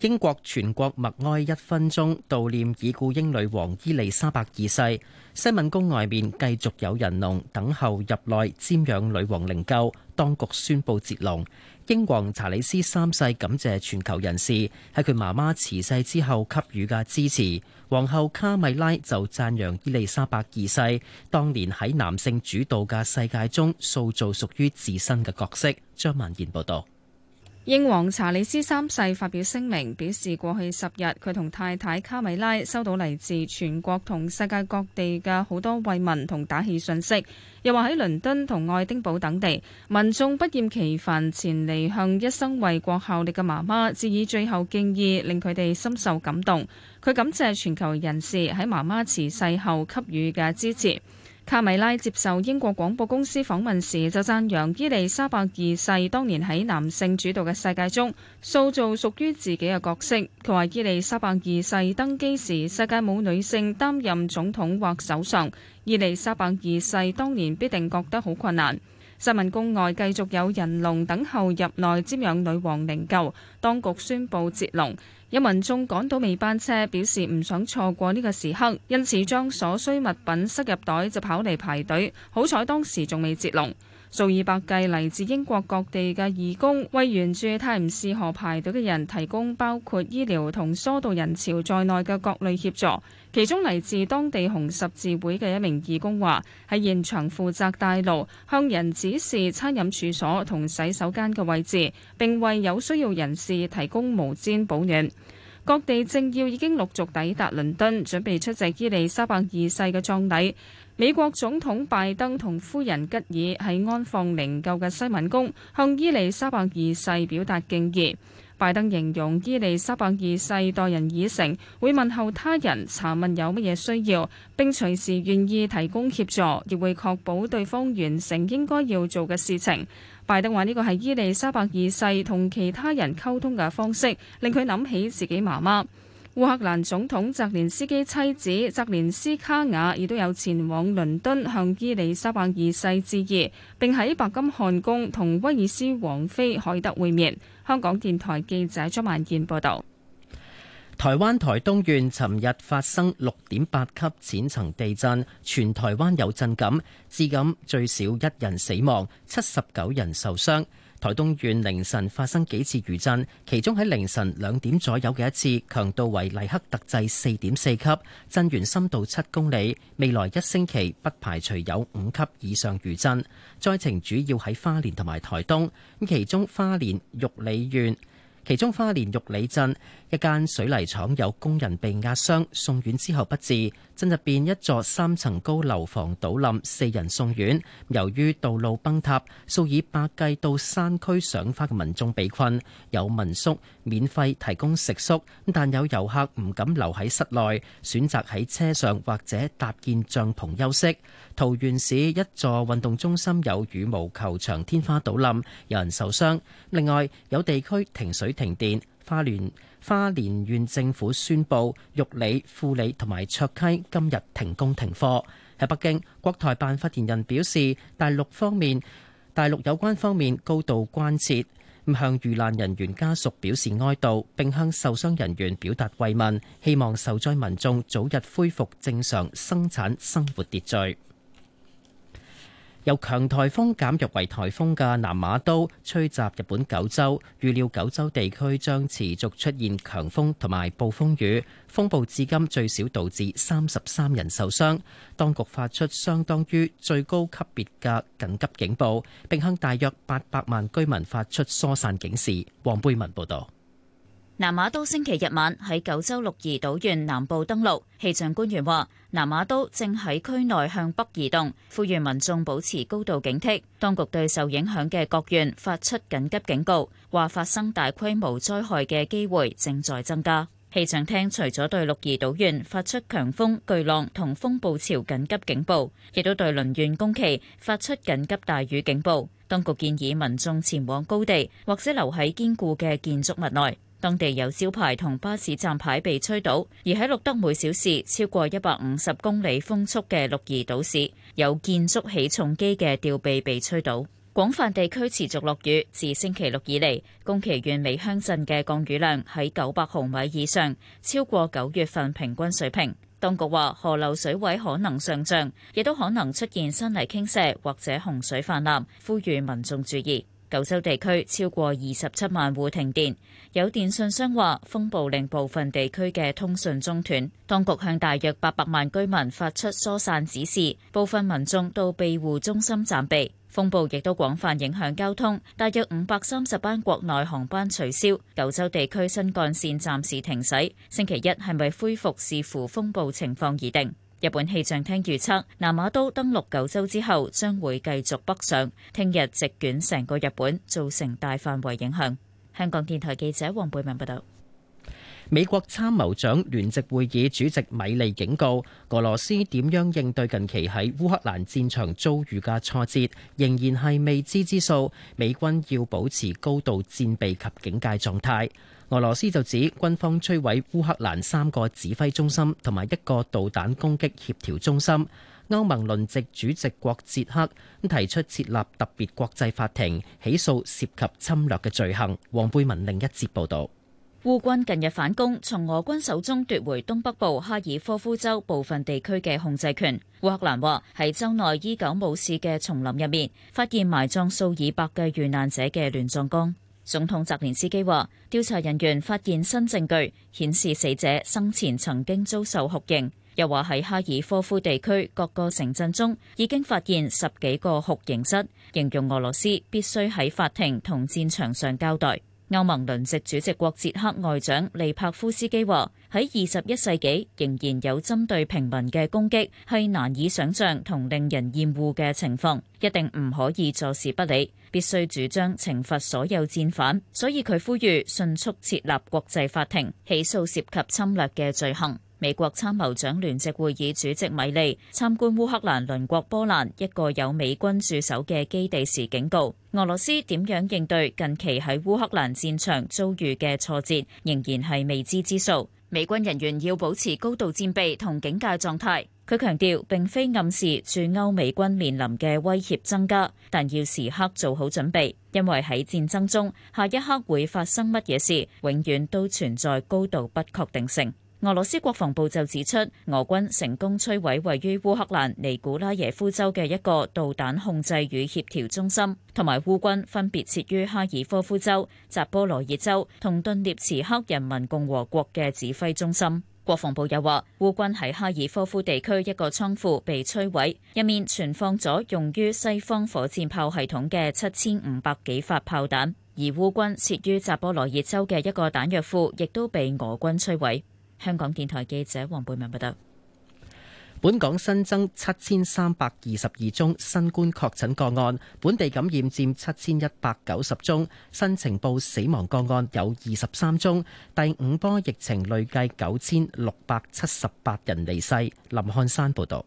英國全國默哀一分鐘，悼念已故英女王伊麗莎白二世。西敏宮外面繼續有人龍等候入內瞻仰女王靈柩，當局宣布截龍。英皇查理斯三世感謝全球人士喺佢媽媽辭世之後給予嘅支持。皇后卡米拉就讚揚伊麗莎白二世當年喺男性主導嘅世界中塑造屬於自身嘅角色。張曼燕報道。英皇查理斯三世發表聲明，表示過去十日，佢同太太卡米拉收到嚟自全國同世界各地嘅好多慰問同打氣信息，又話喺倫敦同愛丁堡等地，民眾不厭其煩前嚟向一生為國效力嘅媽媽致以最後敬意，令佢哋深受感動，佢感謝全球人士喺媽媽辭世後給予嘅支持。卡米拉接受英國廣播公司訪問時，就讚揚伊莉莎白二世當年喺男性主導嘅世界中塑造屬於自己嘅角色。佢話：伊莉莎白二世登基時，世界冇女性擔任總統或首相，伊莉莎白二世當年必定覺得好困難。西敏宮外繼續有人龍等候入內瞻仰女王靈柩，當局宣布截龍。有民眾趕到尾班車，表示唔想錯過呢個時刻，因此將所需物品塞入袋就跑嚟排隊。好彩當時仲未截龍，數以百計嚟自英國各地嘅義工，為援助泰晤士河排隊嘅人提供包括醫療同疏導人潮在內嘅各類協助。其中嚟自當地紅十字會嘅一名義工話，喺現場負責帶路、向人指示餐飲處所同洗手間嘅位置，並為有需要人士提供毛氈保暖。各地政要已經陸續抵達倫敦，準備出席伊利沙伯二世嘅葬禮。美國總統拜登同夫人吉爾喺安放靈柩嘅西敏宮向伊利沙伯二世表達敬意。拜登形容伊莉莎白二世待人以誠，會問候他人，查問有乜嘢需要，並隨時願意提供協助，亦會確保對方完成應該要做嘅事情。拜登話呢個係伊莉莎白二世同其他人溝通嘅方式，令佢諗起自己媽媽。烏克蘭總統澤連斯基妻，妻子澤連斯卡雅亦都有前往倫敦向伊莉莎白二世致意，並喺白金漢宮同威爾斯王妃凱特會面。香港電台記者張萬健報道：台灣台東縣尋日發生六點八級淺層地震，全台灣有震感，至今最少一人死亡，七十九人受傷。台東縣凌晨發生幾次餘震，其中喺凌晨兩點左右嘅一次，強度為黎克特制四點四級，震源深度七公里。未來一星期不排除有五級以上餘震。災情主要喺花蓮同埋台東，咁其中花蓮玉里縣，其中花蓮玉里鎮。一間水泥廠，有工人被壓傷，送院之後不治，鎮入邊一座三層高樓房倒冧，四人送院，由於道路崩塌，數以百計到山區賞花嘅民眾被困，有民宿免費提供食宿，但有遊客唔敢留喺室內，選擇喺車上或者搭建帳篷休息。桃園市一座運動中心有羽毛球場天花倒冧，有人受傷，另外，有地區停水停電。花蓮花蓮縣政府宣布玉里、富里同埋卓溪今日停工停課。喺北京，國台辦發言人表示，大陸方面大陸有關方面高度關切，向遇難人員家屬表示哀悼，並向受傷人員表達慰問，希望受災民眾早日恢復正常生產生活秩序。由強颱風減弱為颱風嘅南馬都吹襲日本九州，預料九州地區將持續出現強風同埋暴風雨。風暴至今最少導致三十三人受傷，當局發出相當於最高級別嘅緊急警報，並向大約八百萬居民發出疏散警示。黃貝文報導。南馬都星期日晚喺九州鹿兒島縣南部登陸。氣象官員話，南馬都正喺區內向北移動，呼籲民眾保持高度警惕。當局對受影響嘅各縣發出緊急警告，話發生大規模災害嘅機會正在增加。氣象廳除咗對鹿兒島縣發出強風、巨浪同風暴潮緊急警報，亦都對鄰縣宮崎發出緊急大雨警報。當局建議民眾前往高地或者留喺堅固嘅建築物內。當地有招牌同巴士站牌被吹倒，而喺錄得每小時超過一百五十公里風速嘅鹿兒島市，有建築起重機嘅吊臂被吹倒。廣泛地區持續落雨，自星期六以嚟，宮崎縣美鄉鎮嘅降雨量喺九百毫米以上，超過九月份平均水平。當局話，河流水位可能上漲，亦都可能出現山泥傾瀉或者洪水泛濫，呼籲民眾注意。九州地區超過二十七萬戶停電，有電訊商話風暴令部分地區嘅通訊中斷。當局向大約八百萬居民發出疏散指示，部分民眾到庇護中心暫避。風暴亦都廣泛影響交通，大約五百三十班國內航班取消。九州地區新幹線暫時停駛，星期一係咪恢復視乎風暴情況而定。日本氣象廳預測，南馬都登陸九州之後，將會繼續北上，聽日席捲成個日本，造成大範圍影響。香港電台記者黃貝文報道，美國參謀長聯席會議主席米利警告，俄羅斯點樣應對近期喺烏克蘭戰場遭遇嘅挫折，仍然係未知之數。美軍要保持高度戰備及警戒狀態。俄羅斯就指軍方摧毀烏克蘭三個指揮中心同埋一個導彈攻擊協調中心。歐盟輪值主席國捷克提出設立特別國際法庭，起訴涉及侵略嘅罪行。黃貝文另一節報導，烏軍近日反攻，從俄軍手中奪回東北部哈爾科夫州部分地區嘅控制權。烏克蘭話喺州內伊久姆市嘅叢林入面，發現埋葬數以百計嘅遇難者嘅亂葬崗。總統澤連斯基話：調查人員發現新證據，顯示死者生前曾經遭受酷刑。又話喺哈爾科夫地區各個城鎮中，已經發現十幾個酷刑室。形容俄羅斯必須喺法庭同戰場上交代。歐盟輪值主席國捷克外長利帕夫斯基話。喺二十一世紀，仍然有針對平民嘅攻擊，係難以想像同令人厭惡嘅情況，一定唔可以坐視不理，必須主張懲罰所有戰犯。所以佢呼籲迅速設立國際法庭，起訴涉及侵略嘅罪行。美國參謀長聯席會議主席米利參觀烏克蘭鄰國波蘭一個有美軍駐守嘅基地時，警告俄羅斯點樣應對近期喺烏克蘭戰場遭遇嘅挫折，仍然係未知之數。美軍人員要保持高度戰備同警戒狀態。佢強調，並非暗示駐歐美軍面臨嘅威脅增加，但要時刻做好準備，因為喺戰爭中，下一刻會發生乜嘢事，永遠都存在高度不確定性。俄羅斯國防部就指出，俄軍成功摧毀位於烏克蘭尼古拉耶夫州嘅一個導彈控制與協調中心，同埋烏軍分別設於哈爾科夫州、扎波羅熱州同頓涅茨克人民共和國嘅指揮中心。國防部又話，烏軍喺哈爾科夫地區一個倉庫被摧毀，入面存放咗用於西方火箭炮系統嘅七千五百幾發炮彈，而烏軍設於扎波羅熱州嘅一個彈藥庫亦都被俄軍摧毀。香港電台記者黃貝文報道，本港新增七千三百二十二宗新冠確診個案，本地感染佔七千一百九十宗，新情報死亡個案有二十三宗，第五波疫情累計九千六百七十八人離世。林漢山報道，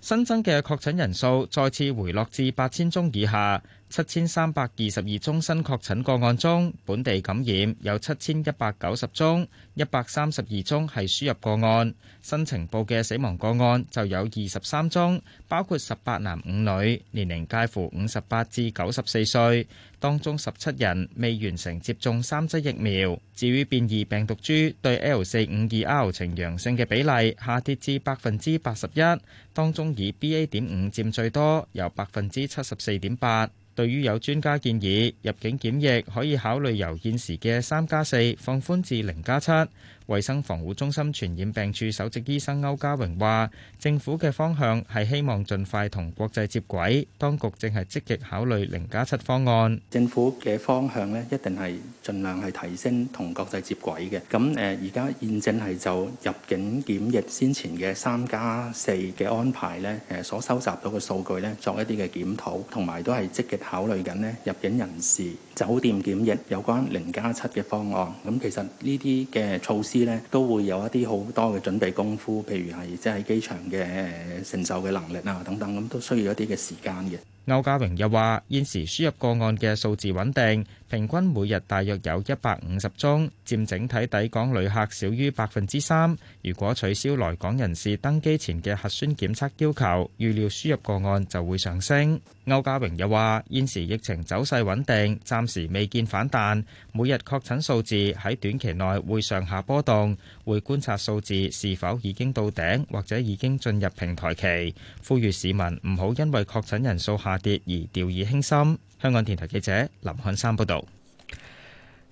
新增嘅確診人數再次回落至八千宗以下。七千三百二十二宗新確診個案中，本地感染有七千一百九十宗，一百三十二宗係輸入個案。新呈報嘅死亡個案就有二十三宗，包括十八男五女，年齡介乎五十八至九十四歲，當中十七人未完成接種三劑疫苗。至於變異病毒株對 L 四五二 R 呈陽性嘅比例下跌至百分之八十一，當中以 B A 點五佔最多由，由百分之七十四點八。對於有專家建議入境檢疫可以考慮由現時嘅三加四放寬至零加七。衛生防護中心傳染病處首席醫生歐家榮話政府嘅方向係希望盡快同國際接軌當局正係積極考慮零加都會有一啲好多嘅準備功夫，譬如係即係喺機場嘅承受嘅能力啊等等，咁都需要一啲嘅時間嘅。歐家榮又話：現時輸入個案嘅數字穩定，平均每日大約有一百五十宗，佔整體抵港旅客少於百分之三。如果取消來港人士登機前嘅核酸檢測要求，預料輸入個案就會上升。歐家榮又話：現時疫情走勢穩定，暫時未見反彈，每日確診數字喺短期內會上下波動，會觀察數字是否已經到頂或者已經進入平台期。呼籲市民唔好因為確診人數下下跌而掉以輕心。香港電台記者林漢山報道。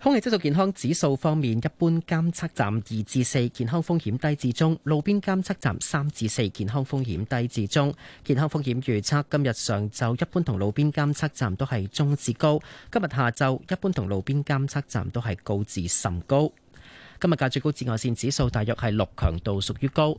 空氣質素健康指數方面，一般監測站二至四，健康風險低至中；路邊監測站三至四，健康風險低至中。健康風險預測今日上晝一般同路邊監測站都係中至高，今日下晝一般同路邊監測站都係高至甚高。今日嘅最高紫外線指數大約係六，強度屬於高。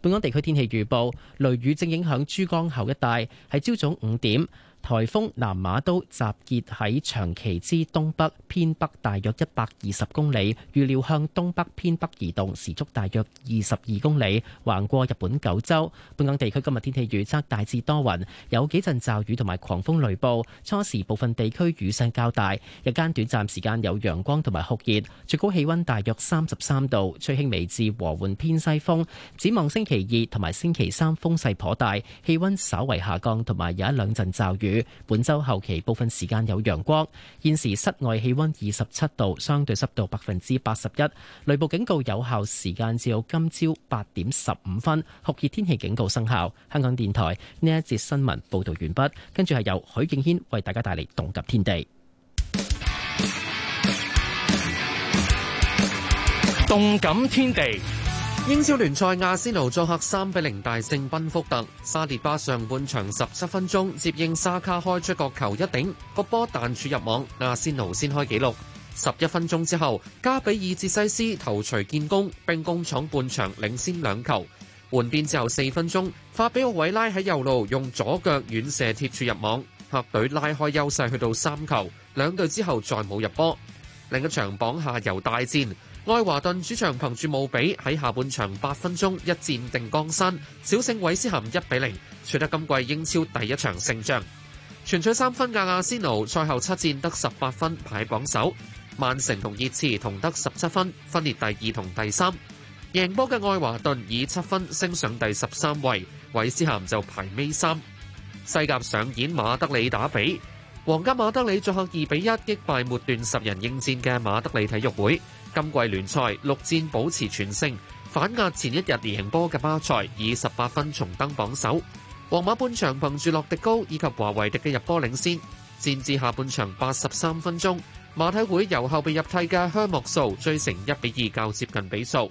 本港地區天氣預報，雷雨正影響珠江口一帶，係朝早五點。台風南馬都集結喺長崎之東北偏北，大約一百二十公里，預料向東北偏北移動，時速大約二十二公里，橫過日本九州。本港地區今日天氣預測大致多雲，有幾陣驟雨同埋狂風雷暴，初時部分地區雨勢較大，日間短暫時間有陽光同埋酷熱，最高氣溫大約三十三度，吹輕微至和緩偏西風。展望星期二同埋星期三風勢頗大，氣溫稍為下降，同埋有一兩陣驟雨。本周後期部分時間有陽光，現時室外氣溫二十七度，相對濕度百分之八十一。雷暴警告有效時間至到今朝八點十五分，酷熱天氣警告生效。香港電台呢一節新聞報道完畢，跟住係由許敬軒為大家帶嚟動感天地。動感天地。英超聯賽，阿仙奴作客三比零大勝賓福特。沙列巴上半場十七分鐘接應沙卡開出角球一頂，個波彈柱入網，阿仙奴先開紀錄。十一分鐘之後，加比爾哲西斯頭錘建功，兵工廠半場領先兩球。換邊之後四分鐘，法比奧韋拉喺右路用左腳遠射貼柱入網，客隊拉開優勢去到三球。兩隊之後再冇入波，另一場榜下游大戰。愛華頓主場憑住慕比喺下半場八分鐘一戰定江山，小勝韋斯咸一比零，取得今季英超第一場勝仗，全取三分嘅。阿仙奴賽後七戰得十八分排榜首，曼城同熱刺同得十七分，分列第二同第三。贏波嘅愛華頓以七分升上第十三位，韋斯咸就排尾三。西甲上演馬德里打比，皇家馬德里作客二比一擊敗末段十人應戰嘅馬德里體育會。今季聯賽六戰保持全勝，反壓前一日贏波嘅巴塞以十八分重登榜首。皇馬半場憑住洛迪高以及華維迪嘅入波領先，戰至下半場八十三分鐘，馬體會由後備入替嘅香莫素追成一比二較接近比數。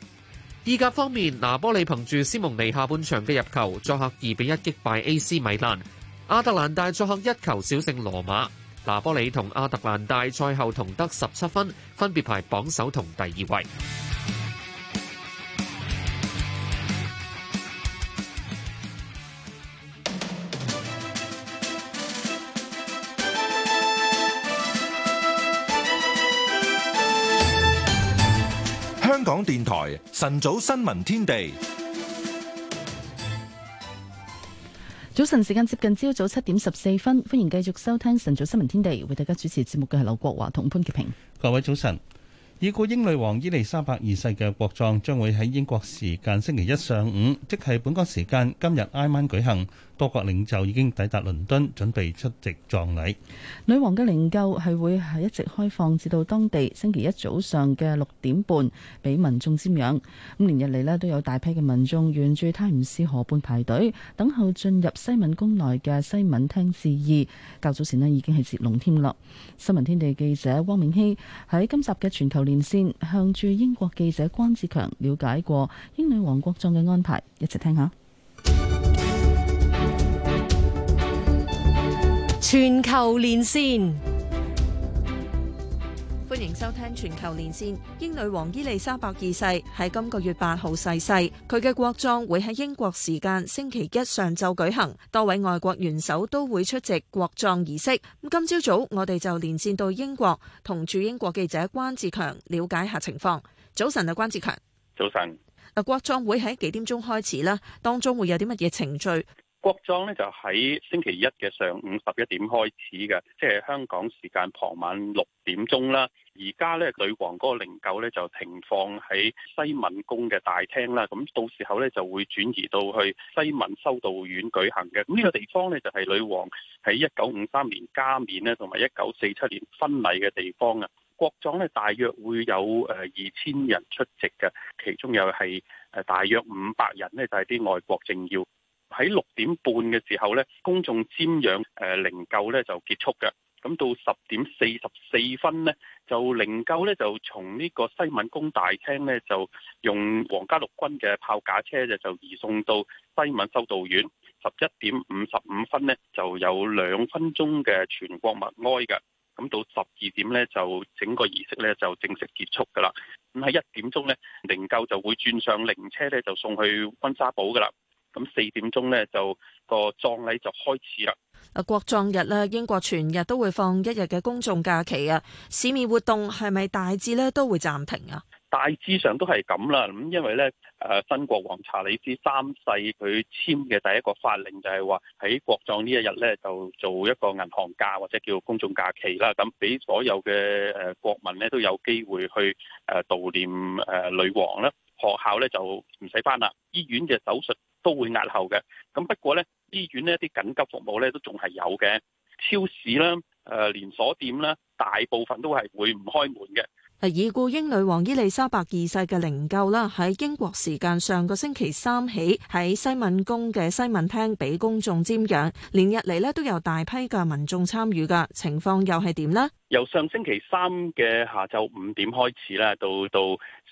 意甲方面，拿波利憑住斯蒙尼下半場嘅入球，作客二比一擊敗 A.C. 米蘭；阿特蘭大作客一球小勝羅馬。拿波里同亞特蘭大賽後同得十七分，分別排榜首同第二位。香港電台晨早新聞天地。早晨時間接近朝早七點十四分，歡迎繼續收聽晨早新聞天地。為大家主持節目嘅係劉國華同潘潔平。各位早晨，已故英女王伊利莎白二世嘅國葬將會喺英國時間星期一上午，即係本港時間今日挨晚舉行。多國領袖已經抵達倫敦，準備出席葬禮。女王嘅靈柩係會係一直開放，至到當地星期一早上嘅六點半，俾民眾瞻仰。咁連日嚟咧都有大批嘅民眾沿住泰晤士河畔排隊，等候進入西敏宮內嘅西敏廳致意。較早前咧已經係接龍添啦。新聞天地記者汪明熙喺今集嘅全球連線，向駐英國記者關志強了解過英女王國葬嘅安排，一齊聽下。全球連線，歡迎收聽全球連線。英女王伊麗莎白二世喺今個月八號逝世，佢嘅國葬會喺英國時間星期一上晝舉行，多位外國元首都會出席國葬儀式。今朝早，早我哋就連線到英國同駐英國記者關志強了解下情況。早晨啊，關志強。早晨。嗱，國葬會喺幾點鐘開始呢？當中會有啲乜嘢程序？國葬咧就喺星期一嘅上午十一點開始嘅，即係香港時間傍晚六點鐘啦。而家咧，女王嗰個靈柩咧就停放喺西敏宮嘅大廳啦。咁到時候咧就會轉移到去西敏修道院舉行嘅。咁呢個地方咧就係女王喺一九五三年加冕咧同埋一九四七年婚禮嘅地方啊。國葬咧大約會有誒二千人出席嘅，其中又係誒大約五百人咧就係啲外國政要。喺六點半嘅時候咧，公眾瞻仰誒靈柩咧就結束嘅。咁到十點四十四分呢，就靈柩咧就從呢個西敏宮大廳咧就用皇家陸軍嘅炮架車咧，就移送到西敏修道院。十一點五十五分呢，就有兩分鐘嘅全國默哀嘅。咁到十二點呢，就整個儀式咧就正式結束噶啦。咁喺一點鐘呢，靈柩就會轉上靈車咧，就送去溫莎堡噶啦。咁四點鐘咧就個葬禮就開始啦。啊，國葬日咧，英國全日都會放一日嘅公眾假期啊。市面活動係咪大致咧都會暫停啊？大致上都係咁啦。咁因為咧，誒新國王查理斯三世佢簽嘅第一個法令就係話喺國葬呢一日咧就做一個銀行假或者叫公眾假期啦。咁俾所有嘅誒國民咧都有機會去誒悼念誒女王啦。學校咧就唔使返啦，醫院嘅手術都會押後嘅。咁不過咧，醫院咧啲緊急服務咧都仲係有嘅。超市啦，誒連鎖店啦，大部分都係會唔開門嘅。已故英女王伊麗莎白二世嘅靈柩啦，喺英國時間上個星期三起喺西敏宮嘅西敏廳俾公眾瞻仰，連日嚟咧，都有大批嘅民眾參與噶。情況又係點咧？由上星期三嘅下晝五點開始啦，到到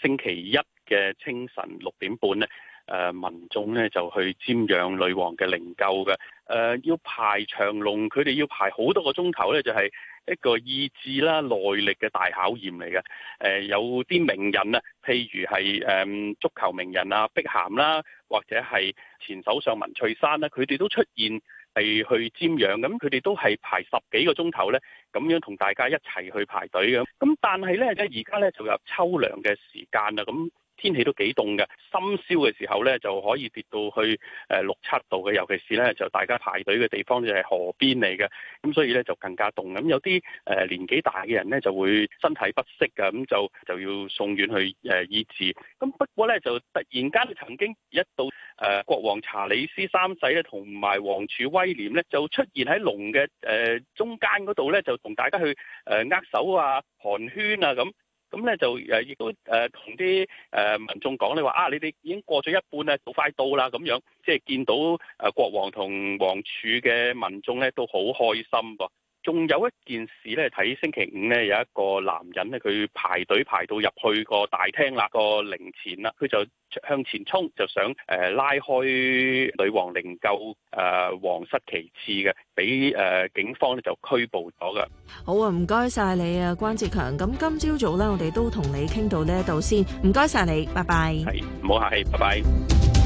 星期一。嘅清晨六點半咧，誒、呃、民眾咧就去瞻仰女王嘅靈柩嘅，誒、呃、要排長龍，佢哋要排好多個鐘頭咧，就係、是、一個意志啦、耐力嘅大考驗嚟嘅。誒、呃、有啲名人啊，譬如係誒、嗯、足球名人啊，碧咸啦，或者係前首相文翠山啦，佢哋都出現係去瞻仰，咁佢哋都係排十幾個鐘頭咧，咁樣同大家一齊去排隊嘅。咁但係咧，即而家咧就有秋涼嘅時間啦，咁。天氣都幾凍嘅，深宵嘅時候咧就可以跌到去誒、呃、六七度嘅，尤其是咧就大家排隊嘅地方就係河邊嚟嘅，咁所以咧就更加凍。咁有啲誒年紀大嘅人咧就會身體不適啊，咁就就要送院去誒醫、呃、治。咁不過咧就突然間曾經一度誒、呃、國王查理斯三世咧同埋王儲威廉咧就出現喺龍嘅誒、呃、中間嗰度咧就同大家去誒、呃、握手啊，寒暄啊咁。咁咧、嗯、就誒，亦都誒同啲誒民眾講咧話啊，你哋已經過咗一半啊，好快到啦咁樣，即係見到誒國王同王儲嘅民眾咧，都好開心噃。仲有一件事咧，睇星期五咧，有一個男人咧，佢排隊排到入去個大廳啦，個靈前啦，佢就向前衝，就想誒、呃、拉開女王靈柩誒，皇室旗幟嘅，俾誒、呃、警方咧就拘捕咗嘅。好啊，唔該晒你啊，關智強。咁今朝早咧，我哋都同你傾到呢一度先，唔該晒你，拜拜。係，唔好客氣，拜拜。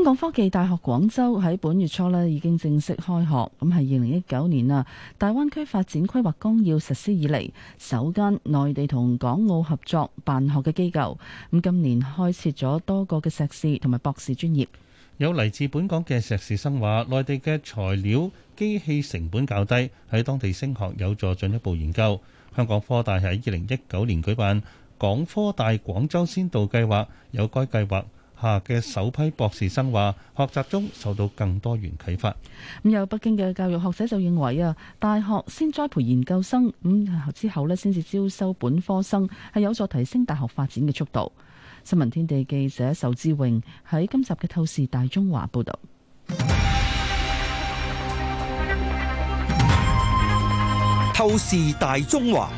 香港科技大學廣州喺本月初咧已經正式開學，咁係二零一九年啊大灣區發展規劃綱要實施以嚟首間內地同港澳合作辦學嘅機構。咁今年開設咗多個嘅碩士同埋博士專業。有嚟自本港嘅碩士生話，內地嘅材料機器成本較低，喺當地升學有助進一步研究。香港科大喺二零一九年舉辦港科大廣州先導計劃，有該計劃下嘅首批博士生話，學習中受到更多元啟發。咁有北京嘅教育學者就認為啊，大學先栽培研究生，咁之後咧先至招收本科生，係有助提升大學發展嘅速度。新聞天地記者仇志榮喺今集嘅透視大中華報道。透視大中華。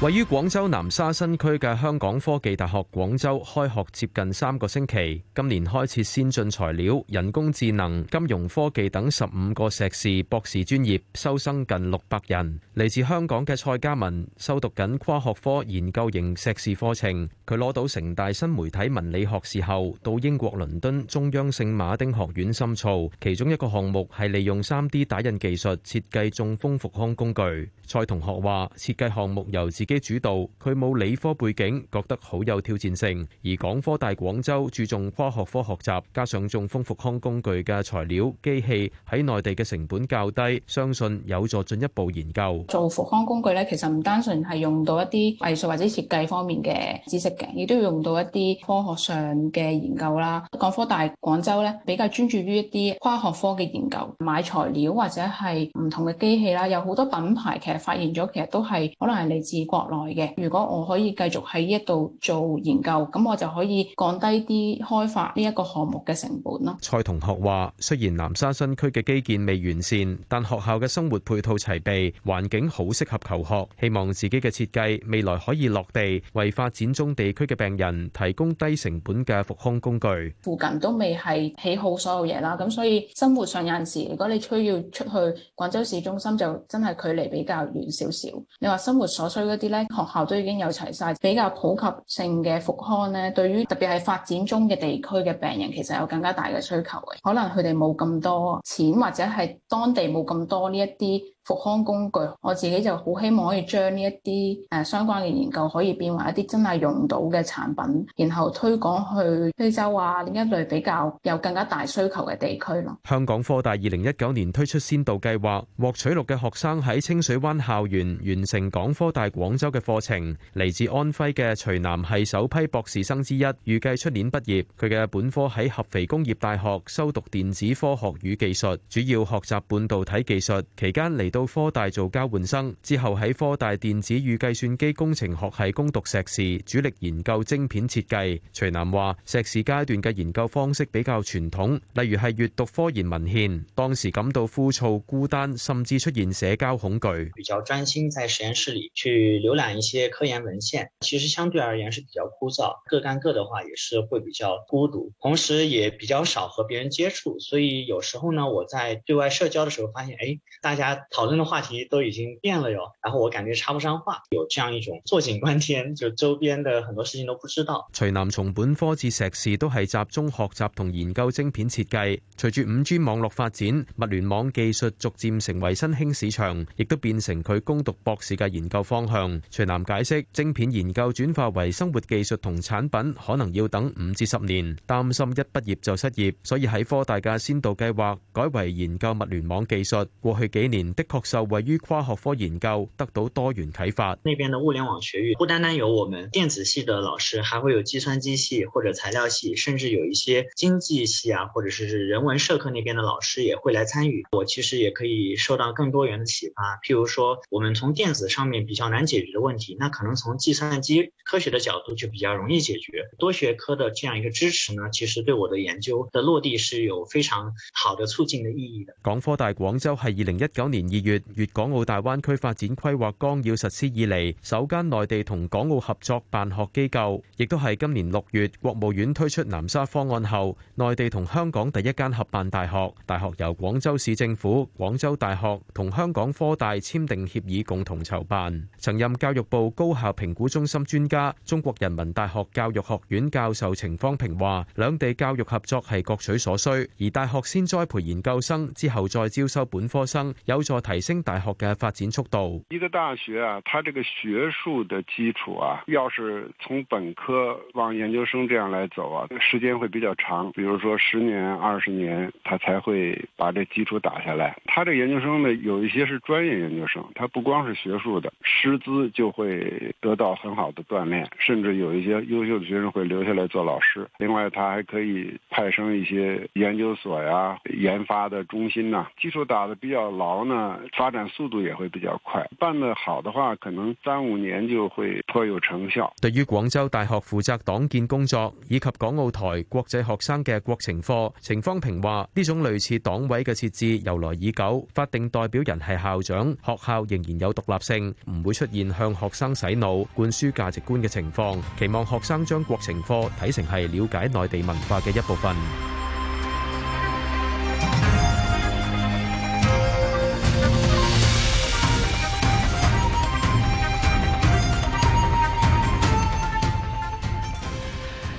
位於廣州南沙新區嘅香港科技大學廣州開學接近三個星期，今年開設先進材料、人工智能、金融科技等十五個碩士、博士專業，收生近六百人。嚟自香港嘅蔡嘉文修讀緊跨學科研究型碩士課程，佢攞到城大新媒體文理學士後，到英國倫敦中央聖馬丁學院深造。其中一個項目係利用 3D 打印技術設計中風復康工具。蔡同學話：設計項目由自己嘅主導，佢冇理科背景，覺得好有挑戰性。而港科大廣州注重跨學科學習，加上中風復康工具嘅材料機器喺內地嘅成本較低，相信有助進一步研究。做復康工具呢，其實唔單純係用到一啲藝術或者設計方面嘅知識嘅，亦都要用到一啲科學上嘅研究啦。港科大廣州呢，比較專注於一啲跨學科嘅研究，買材料或者係唔同嘅機器啦，有好多品牌其實發現咗，其實都係可能係嚟自國內嘅，如果我可以繼續喺呢一度做研究，咁我就可以降低啲開發呢一個項目嘅成本囉。蔡同學話：雖然南沙新區嘅基建未完善，但學校嘅生活配套齊備，環境好適合求學。希望自己嘅設計未來可以落地，為發展中地區嘅病人提供低成本嘅復康工具。附近都未係起好所有嘢啦，咁所以生活上有時如果你需要出去廣州市中心，就真係距離比較遠少少。你話生活所需嗰啲。咧學校都已經有齊晒比較普及性嘅復康咧，對於特別係發展中嘅地區嘅病人，其實有更加大嘅需求嘅，可能佢哋冇咁多錢，或者係當地冇咁多呢一啲。復康工具，我自己就好希望可以將呢一啲誒相關嘅研究可以變為一啲真係用到嘅產品，然後推廣去非洲啊，另一類比較有更加大需求嘅地區咯。香港科大二零一九年推出先導計劃，獲取錄嘅學生喺清水灣校園完成港科大廣州嘅課程。嚟自安徽嘅徐南係首批博士生之一，預計出年畢業。佢嘅本科喺合肥工業大學修讀電子科學與技術，主要學習半導體技術，期間嚟到。到科大做交換生之後，喺科大電子與計算機工程學系攻讀碩士，主力研究晶片設計。徐楠話碩士階段嘅研究方式比較傳統，例如係閱讀科研文獻，當時感到枯燥、孤單，甚至出現社交恐懼。比較專心在實驗室裏去瀏覽一些科研文獻，其實相對而言是比較枯燥。各幹各嘅話也是會比較孤獨，同時也比較少和別人接觸，所以有時候呢，我在對外社交嘅時候發現，誒、哎，大家討討論的話題都已經變了喲，然後我感覺插不上話，有這樣一種坐井觀天，就周邊的很多事情都不知道。徐楠從本科至碩士都係集中學習同研究晶片設計，隨住 5G 網絡發展，物聯網技術逐漸成為新興市場，亦都變成佢攻讀博士嘅研究方向。徐楠解釋，晶片研究轉化為生活技術同產品，可能要等五至十年，擔心一畢業就失業，所以喺科大嘅先導計劃改為研究物聯網技術。過去幾年的確受位於跨學科研究得到多元啟發。那邊的物聯網學域不單單有我們電子系的老師，還會有計算機系或者材料系，甚至有一些經濟系啊，或者是人文社科那邊的老師也會來參與。我其實也可以受到更多元的啟發。譬如說，我們從電子上面比較難解決的問題，那可能從計算機科學的角度就比較容易解決。多學科的這樣一個支持呢，其實對我的研究的落地是有非常好的促進的意義的。港科大廣州是二零一九年二。二月，粵港澳大灣區發展規劃綱要實施以嚟，首間內地同港澳合作辦學機構，亦都係今年6月國務院推出南沙方案後內地同香港第一間合辦大學。大學由廣州市政府、廣州大學同香港科大簽訂協議，共同籌辦。曾任教育部高校評估中心專家、中國人民大學教育學院教授程方平話，兩地教育合作係各取所需，而大學先栽培研究生，之後再招收本科生，有助提升大學的發展速度。一個大學啊，它這個學術的基礎啊，要是從本科往研究生這樣來走啊，時間會比較長。比如說十年、二十年，它才會把這基礎打下來。它這研究生呢，有一些是專業研究生，它不光是學術的，師資就會得到很好的鍛煉。甚至有一些優秀的學生會留下來做老師。另外，它還可以派生一些研究所呀、研發的中心呐、啊。基礎打得比較牢呢。發展速度也會比較快，辦得好的話，可能三五年就會頗有成效。對於廣州大學負責黨建工作以及港澳台國際學生嘅國情課，程方平話：呢種類似黨委嘅設置由來已久，法定代表人係校長，學校仍然有獨立性，唔會出現向學生洗腦、灌輸價值觀嘅情況。期望學生將國情課睇成係了解內地文化嘅一部分。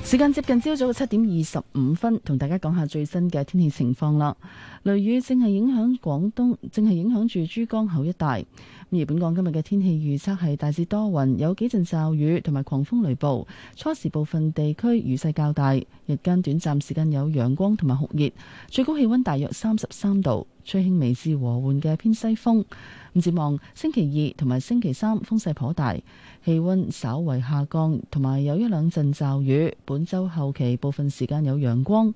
時間接近朝早嘅七點二十五分，同大家講下最新嘅天氣情況啦。雷雨正係影響廣東，正係影響住珠江口一帶。而本港今日嘅天氣預測係大致多雲，有幾陣驟雨同埋狂風雷暴。初時部分地區雨勢較大，日間短暫時間有陽光同埋酷熱，最高氣溫大約三十三度，吹輕微至和緩嘅偏西風。咁展望星期二同埋星期三風勢頗大，氣溫稍為下降，同埋有一兩陣驟雨。本周後期部分時間有陽光。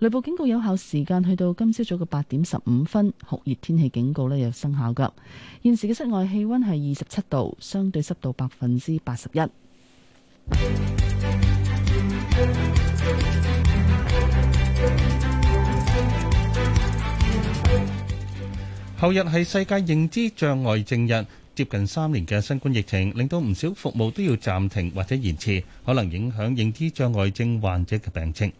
雷暴警告有效時間去到今朝早嘅八點十五分，酷熱天氣警告咧有生效噶。現時嘅室外氣溫係二十七度，相對濕度百分之八十一。後日係世界認知障礙症日，接近三年嘅新冠疫情令到唔少服務都要暫停或者延遲，可能影響認知障礙症患者嘅病情。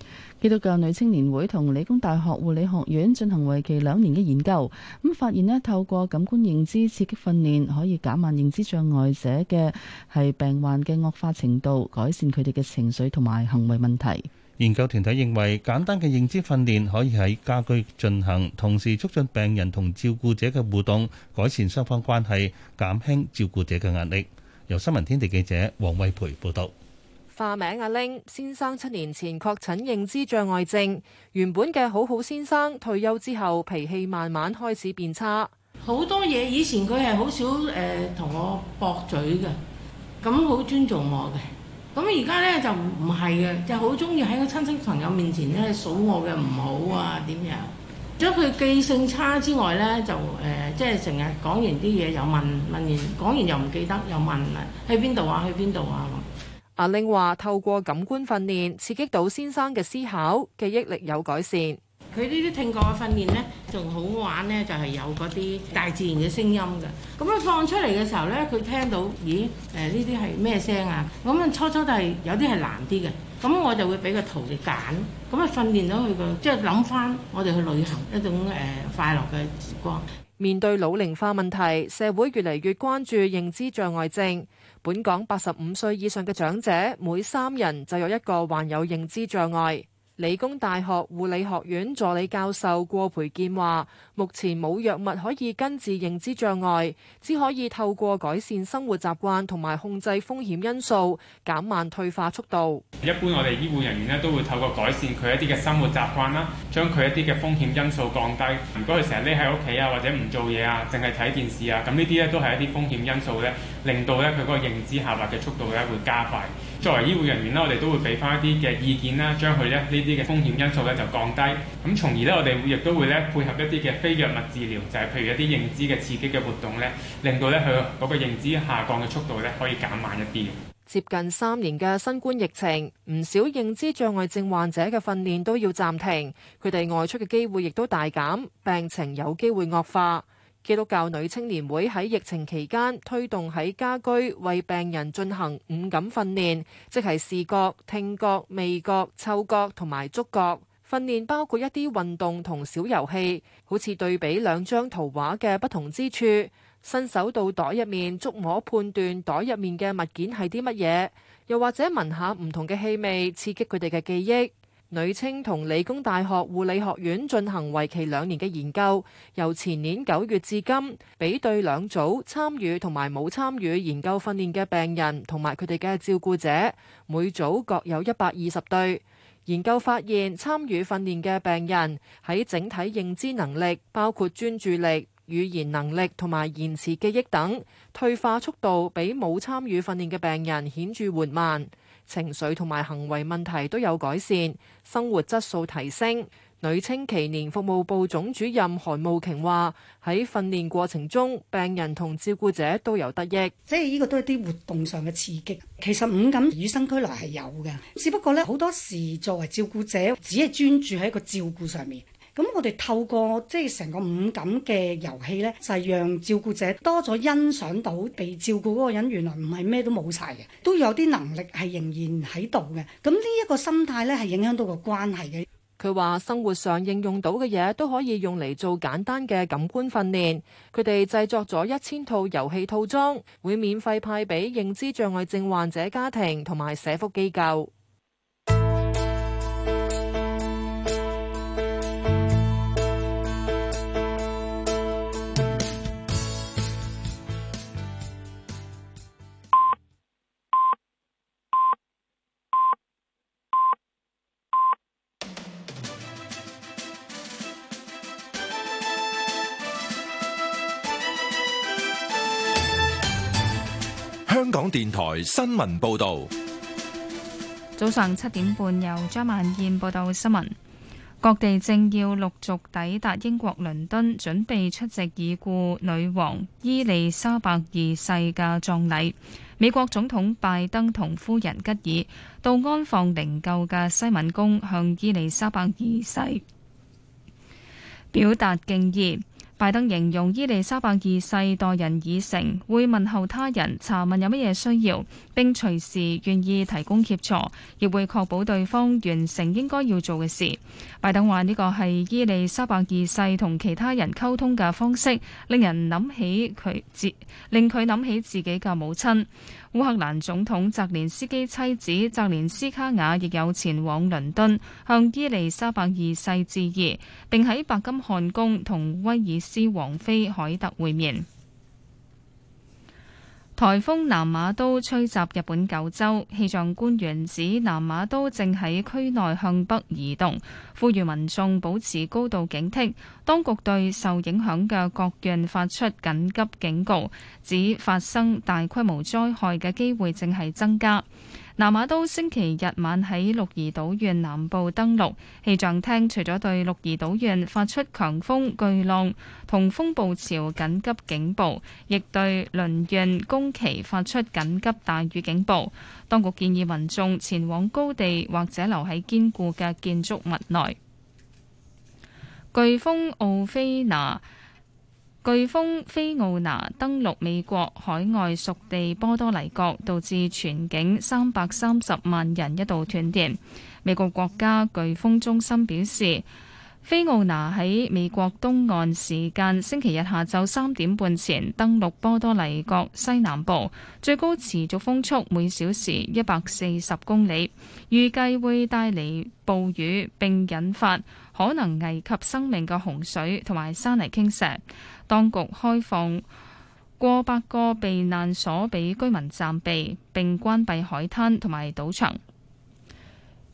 基督教女青年會同理工大學護理學院進行為期兩年嘅研究，咁發現咧，透過感官認知刺激訓練，可以減慢認知障礙者嘅係病患嘅惡化程度，改善佢哋嘅情緒同埋行為問題。研究團體認為，簡單嘅認知訓練可以喺家居進行，同時促進病人同照顧者嘅互動，改善雙方關係，減輕照顧者嘅壓力。由新聞天地記者黃惠培報道。化名阿、啊、拎先生，七年前確診認知障礙症。原本嘅好好先生退休之後，脾氣慢慢開始變差。好多嘢以前佢係好少誒同、呃、我駁嘴嘅，咁好尊重我嘅。咁而家咧就唔係嘅，就好中意喺個親戚朋友面前咧數我嘅唔好啊，點樣？除咗佢記性差之外咧，就誒、呃、即係成日講完啲嘢又問問完講完又唔記得又問去啊，去邊度啊，去邊度啊。阿、啊、令話：透過感官訓練，刺激到先生嘅思考，記憶力有改善。佢呢啲聽覺嘅訓練呢，仲好玩呢，就係、是、有嗰啲大自然嘅聲音嘅。咁樣放出嚟嘅時候呢，佢聽到，咦？誒呢啲係咩聲啊？咁初初都係有啲係難啲嘅。咁我就會俾個圖佢揀。咁啊，訓練到佢個即係諗翻我哋去旅行一種誒快樂嘅時光。面對老齡化問題，社會越嚟越關注認知障礙症。本港八十五歲以上嘅長者，每三人就有一個患有認知障礙。理工大學護理學院助理教授郭培健話，目前冇藥物可以根治認知障礙，只可以透過改善生活習慣同埋控制風險因素，減慢退化速度。一般我哋醫護人員咧都會透過改善佢一啲嘅生活習慣啦，將佢一啲嘅風險因素降低。如果佢成日匿喺屋企啊，或者唔做嘢啊，淨係睇電視啊，咁呢啲咧都係一啲風險因素咧，令到咧佢嗰個認知下滑嘅速度咧會加快。作為醫護人員啦，我哋都會俾翻一啲嘅意見啦，將佢咧呢啲嘅風險因素咧就降低咁，從而呢，我哋會亦都會咧配合一啲嘅非藥物治療，就係譬如一啲認知嘅刺激嘅活動咧，令到咧佢嗰個認知下降嘅速度咧可以減慢一啲。接近三年嘅新冠疫情，唔少認知障礙症患者嘅訓練都要暫停，佢哋外出嘅機會亦都大減，病情有機會惡化。基督教女青年會喺疫情期間推動喺家居為病人進行五感訓練，即係視覺、聽覺、味覺、嗅覺同埋觸覺。訓練包括一啲運動同小遊戲，好似對比兩張圖畫嘅不同之處，伸手到袋入面觸摸判斷袋入面嘅物件係啲乜嘢，又或者聞下唔同嘅氣味，刺激佢哋嘅記憶。女青同理工大學護理學院進行為期兩年嘅研究，由前年九月至今，比對兩組參與同埋冇參與研究訓練嘅病人同埋佢哋嘅照顧者，每組各有一百二十對。研究發現，參與訓練嘅病人喺整體認知能力，包括專注力、語言能力同埋延遲記憶等退化速度，比冇參與訓練嘅病人顯著緩慢。情緒同埋行為問題都有改善，生活質素提升。女青耆年服務部總主任韓慕瓊話：喺訓練過程中，病人同照顧者都有得益。即係呢個都係啲活動上嘅刺激。其實五感與生俱來係有嘅，只不過咧好多時作為照顧者，只係專注喺一個照顧上面。咁我哋透過即係成個五感嘅遊戲呢，就係、是、讓照顧者多咗欣賞到被照顧嗰個人，原來唔係咩都冇晒嘅，都有啲能力係仍然喺度嘅。咁呢一個心態呢，係影響到個關係嘅。佢話：生活上應用到嘅嘢都可以用嚟做簡單嘅感官訓練。佢哋製作咗一千套遊戲套裝，會免費派俾認知障礙症患者家庭同埋社福機構。香港電台新聞報道，早上七點半由張萬燕報道新聞。各地政要陸續抵達英國倫敦，準備出席已故女王伊麗莎白二世嘅葬禮。美國總統拜登同夫人吉爾到安放靈柩嘅西敏宮，向伊麗莎白二世表達敬意。拜登形容伊利沙白二世待人以誠，會問候他人，查問有乜嘢需要，並隨時願意提供協助，亦會確保對方完成應該要做嘅事。拜登話呢個係伊利沙白二世同其他人溝通嘅方式，令人諗起佢自令佢諗起自己嘅母親。烏克蘭總統澤連斯基妻子澤連斯卡婭亦有前往倫敦，向伊麗莎白二世致意，並喺白金漢宮同威爾斯王妃凱特會面。颱風南馬都吹襲日本九州，氣象官員指南馬都正喺區內向北移動，呼籲民眾保持高度警惕。當局對受影響嘅各縣發出緊急警告，指發生大規模災害嘅機會正係增加。南馬都星期日晚喺鹿兒島縣南部登陸。氣象廳除咗對鹿兒島縣發出強風、巨浪同風暴潮緊急警報，亦對鄰縣宮崎發出緊急大雨警報。當局建議民眾前往高地或者留喺堅固嘅建築物內。颶風奧菲娜。颶風菲奧拿登陸美國海外屬地波多黎各，導致全境三百三十萬人一度斷電。美國國家颶風中心表示，菲奧拿喺美國東岸時間星期日下晝三點半前登陸波多黎各西南部，最高持續風速每小時一百四十公里，預計會帶嚟暴雨，並引發可能危及生命嘅洪水同埋山泥傾瀉。當局開放過百個避難所俾居民暫避，並關閉海灘同埋賭場。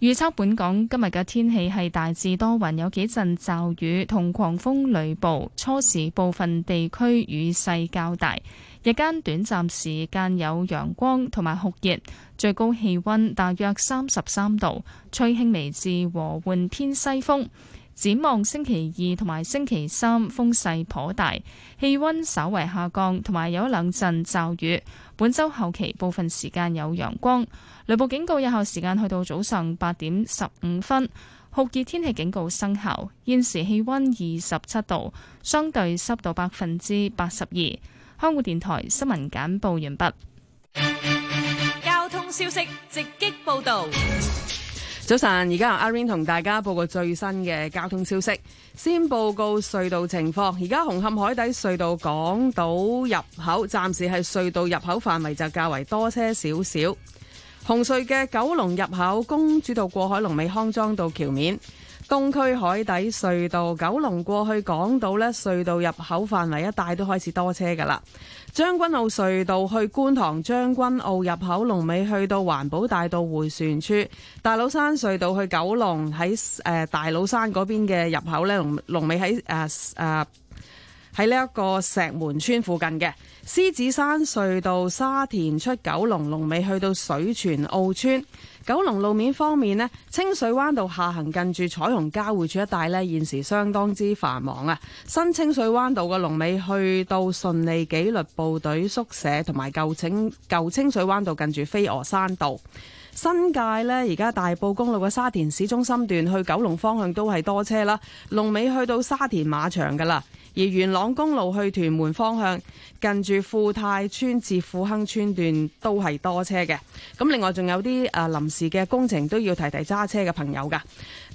預測本港今日嘅天氣係大致多雲，有幾陣驟雨同狂風雷暴，初時部分地區雨勢較大，日間短暫時間有陽光同埋酷熱，最高氣温大約三十三度，吹輕微至和緩偏西風。展望星期二同埋星期三風勢頗大，氣温稍為下降，同埋有一兩陣驟雨。本周後期部分時間有陽光。雷暴警告有效時間去到早上八點十五分，酷熱天氣警告生效。現時氣温二十七度，相對濕度百分之八十二。香港電台新聞簡報完畢。交通消息直擊報道。早晨，而家阿 Ring 同大家報告最新嘅交通消息。先報告隧道情況，而家紅磡海底隧道港島入口暫時係隧道入口範圍就較為多車少少。紅隧嘅九龍入口公主道過海龍尾康莊道橋面。東區海底隧道九龍過去港島咧，隧道入口範圍一帶都開始多車噶啦。將軍澳隧道去觀塘，將軍澳入口龍尾去到環保大道迴旋處。大老山隧道去九龍喺誒大老山嗰邊嘅入口咧，龍龍尾喺誒誒喺呢一個石門村附近嘅。獅子山隧道沙田出九龍，龍尾去到水泉澳村。九龍路面方面咧，清水灣道下行近住彩虹交匯處一帶咧，現時相當之繁忙啊！新清水灣道嘅龍尾去到順利紀律部隊宿舍，同埋舊清舊清水灣道近住飛鵝山道，新界咧，而家大埔公路嘅沙田市中心段去九龍方向都係多車啦，龍尾去到沙田馬場噶啦。而元朗公路去屯門方向，近住富泰邨至富亨邨段都係多車嘅。咁另外仲有啲啊臨時嘅工程都要提提揸車嘅朋友噶。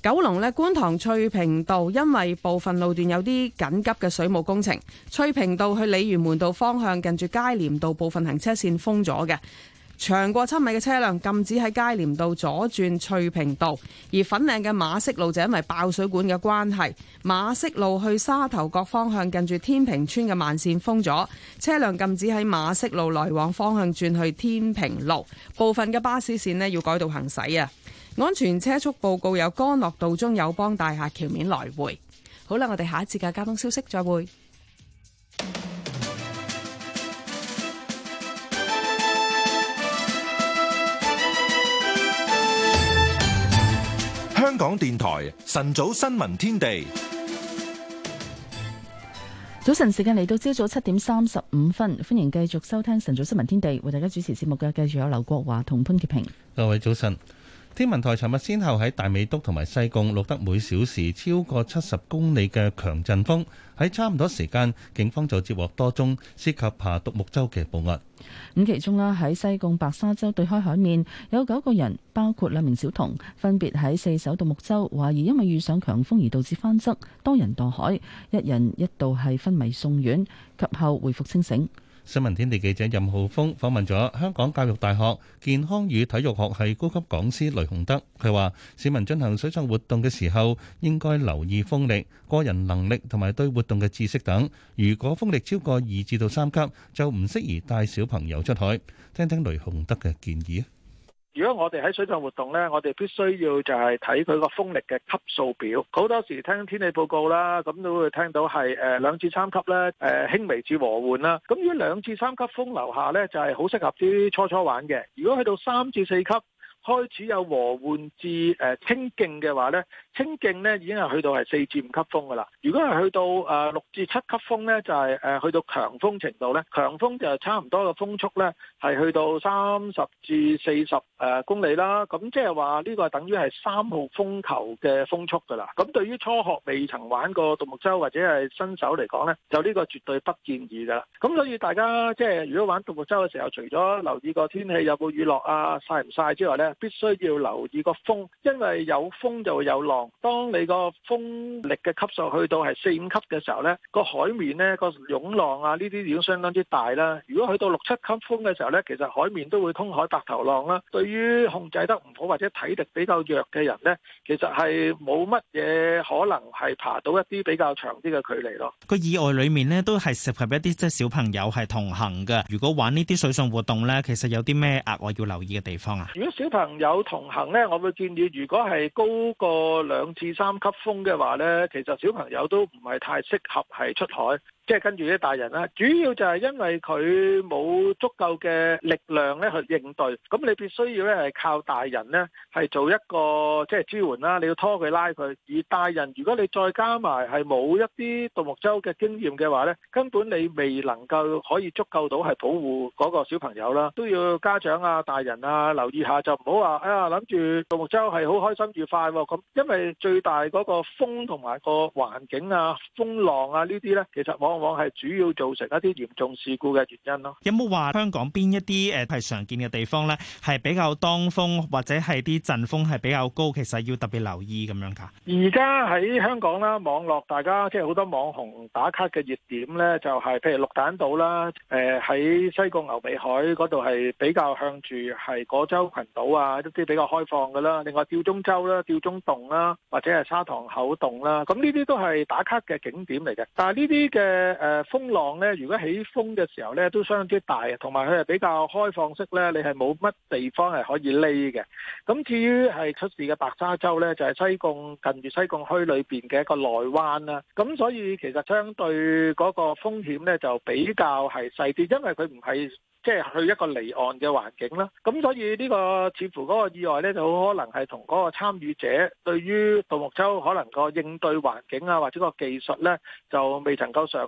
九龍咧，觀塘翠屏道因為部分路段有啲緊急嘅水務工程，翠屏道去鯉魚門道方向，近住佳廉道部分行車線封咗嘅。長過七米嘅車輛禁止喺佳廉道左轉翠屏道，而粉嶺嘅馬適路就因為爆水管嘅關係，馬適路去沙頭角方向近住天平村嘅慢線封咗，車輛禁止喺馬適路來往方向轉去天平路，部分嘅巴士線咧要改道行駛啊！安全車速報告有干諾道中友邦大廈橋面來回。好啦，我哋下一節嘅交通消息，再會。港電台晨早新聞天地，早晨時間嚟到朝早七點三十五分，歡迎繼續收聽晨早新聞天地，為大家主持節目嘅繼續有劉國華同潘潔平，各位早晨。天文台尋日先後喺大美督同埋西貢錄得每小時超過七十公里嘅強陣風，喺差唔多時間，警方就接獲多宗涉及下獨木舟嘅報案。咁其中啦、啊，喺西貢白沙洲對開海面，有九個人，包括兩名小童，分別喺四艘獨木舟，懷疑因為遇上強風而導致翻側，多人墮海，一人一度係昏迷送院，及後回復清醒。新聞天地記者任浩峰訪問咗香港教育大學健康與體育學系高級講師雷洪德，佢話，市民進行水上活動嘅時候，應該留意風力、個人能力同埋對活動嘅知識等，如果風力超過二至到三級，就唔適宜帶小朋友出海。聽聽雷洪德嘅建議。如果我哋喺水上活動呢，我哋必須要就係睇佢個風力嘅級數表。好多時聽天氣報告啦，咁都會聽到係誒兩至三級呢，誒輕微至和緩啦。咁於兩至三級風流下呢，就係好適合啲初初玩嘅。如果去到三至四級，開始有和緩至誒清勁嘅話咧，清勁咧已經係去到係四至五級風噶啦。如果係去到誒六至七級風呢，就係誒去到強風程度咧。強風就差唔多個風速呢，係去到三十至四十誒公里啦。咁即係話呢個等於係三號風球嘅風速噶啦。咁對於初學未曾玩過獨木舟或者係新手嚟講呢，就呢個絕對不建議噶啦。咁所以大家即係如果玩獨木舟嘅時候，除咗留意個天氣有冇雨落啊、曬唔曬之外呢，必須要留意個風，因為有風就會有浪。當你個風力嘅級數去到係四五級嘅時候咧，個海面咧個湧浪啊呢啲已經相當之大啦。如果去到六七級風嘅時候咧，其實海面都會通海白頭浪啦。對於控制得唔好或者體力比較弱嘅人咧，其實係冇乜嘢可能係爬到一啲比較長啲嘅距離咯。個意外裏面咧都係涉及一啲即係小朋友係同行嘅。如果玩呢啲水上活動咧，其實有啲咩額外要留意嘅地方啊？如果小朋友朋友同行咧，我會建議如果係高過兩至三級風嘅話咧，其實小朋友都唔係太適合係出海。即係跟住啲大人啦，主要就係因為佢冇足夠嘅力量咧去應對，咁你必須要咧係靠大人咧係做一個即係支援啦，你要拖佢拉佢。而大人，如果你再加埋係冇一啲獨木舟嘅經驗嘅話咧，根本你未能夠可以足夠到係保護嗰個小朋友啦。都要家長啊、大人啊留意下，就唔好話哎呀諗住獨木舟係好開心愉快喎。咁因為最大嗰個風同埋個環境啊、風浪啊呢啲咧，其實我，往往係主要造成一啲嚴重事故嘅原因咯。有冇話香港邊一啲誒係常見嘅地方咧，係比較當風或者係啲陣風係比較高，其實要特別留意咁樣㗎？而家喺香港啦，網絡大家即係好多網紅打卡嘅熱點咧，就係譬如綠蛋島啦，誒喺西貢牛尾海嗰度係比較向住係果洲羣島啊一啲比較開放嘅啦。另外吊鐘洲啦、吊鐘洞啦，或者係沙塘口洞啦，咁呢啲都係打卡嘅景點嚟嘅。但係呢啲嘅誒風浪咧，如果起風嘅時候咧，都相當之大，同埋佢係比較開放式咧，你係冇乜地方係可以匿嘅。咁至於係出事嘅白沙洲咧，就係西貢近住西貢區裏邊嘅一個內灣啦。咁所以其實相對嗰個風險咧，就比較係細啲，因為佢唔係即係去一個離岸嘅環境啦。咁所以呢個似乎嗰個意外咧，就好可能係同嗰個參與者對於獨木舟可能個應對環境啊，或者個技術咧，就未曾夠上。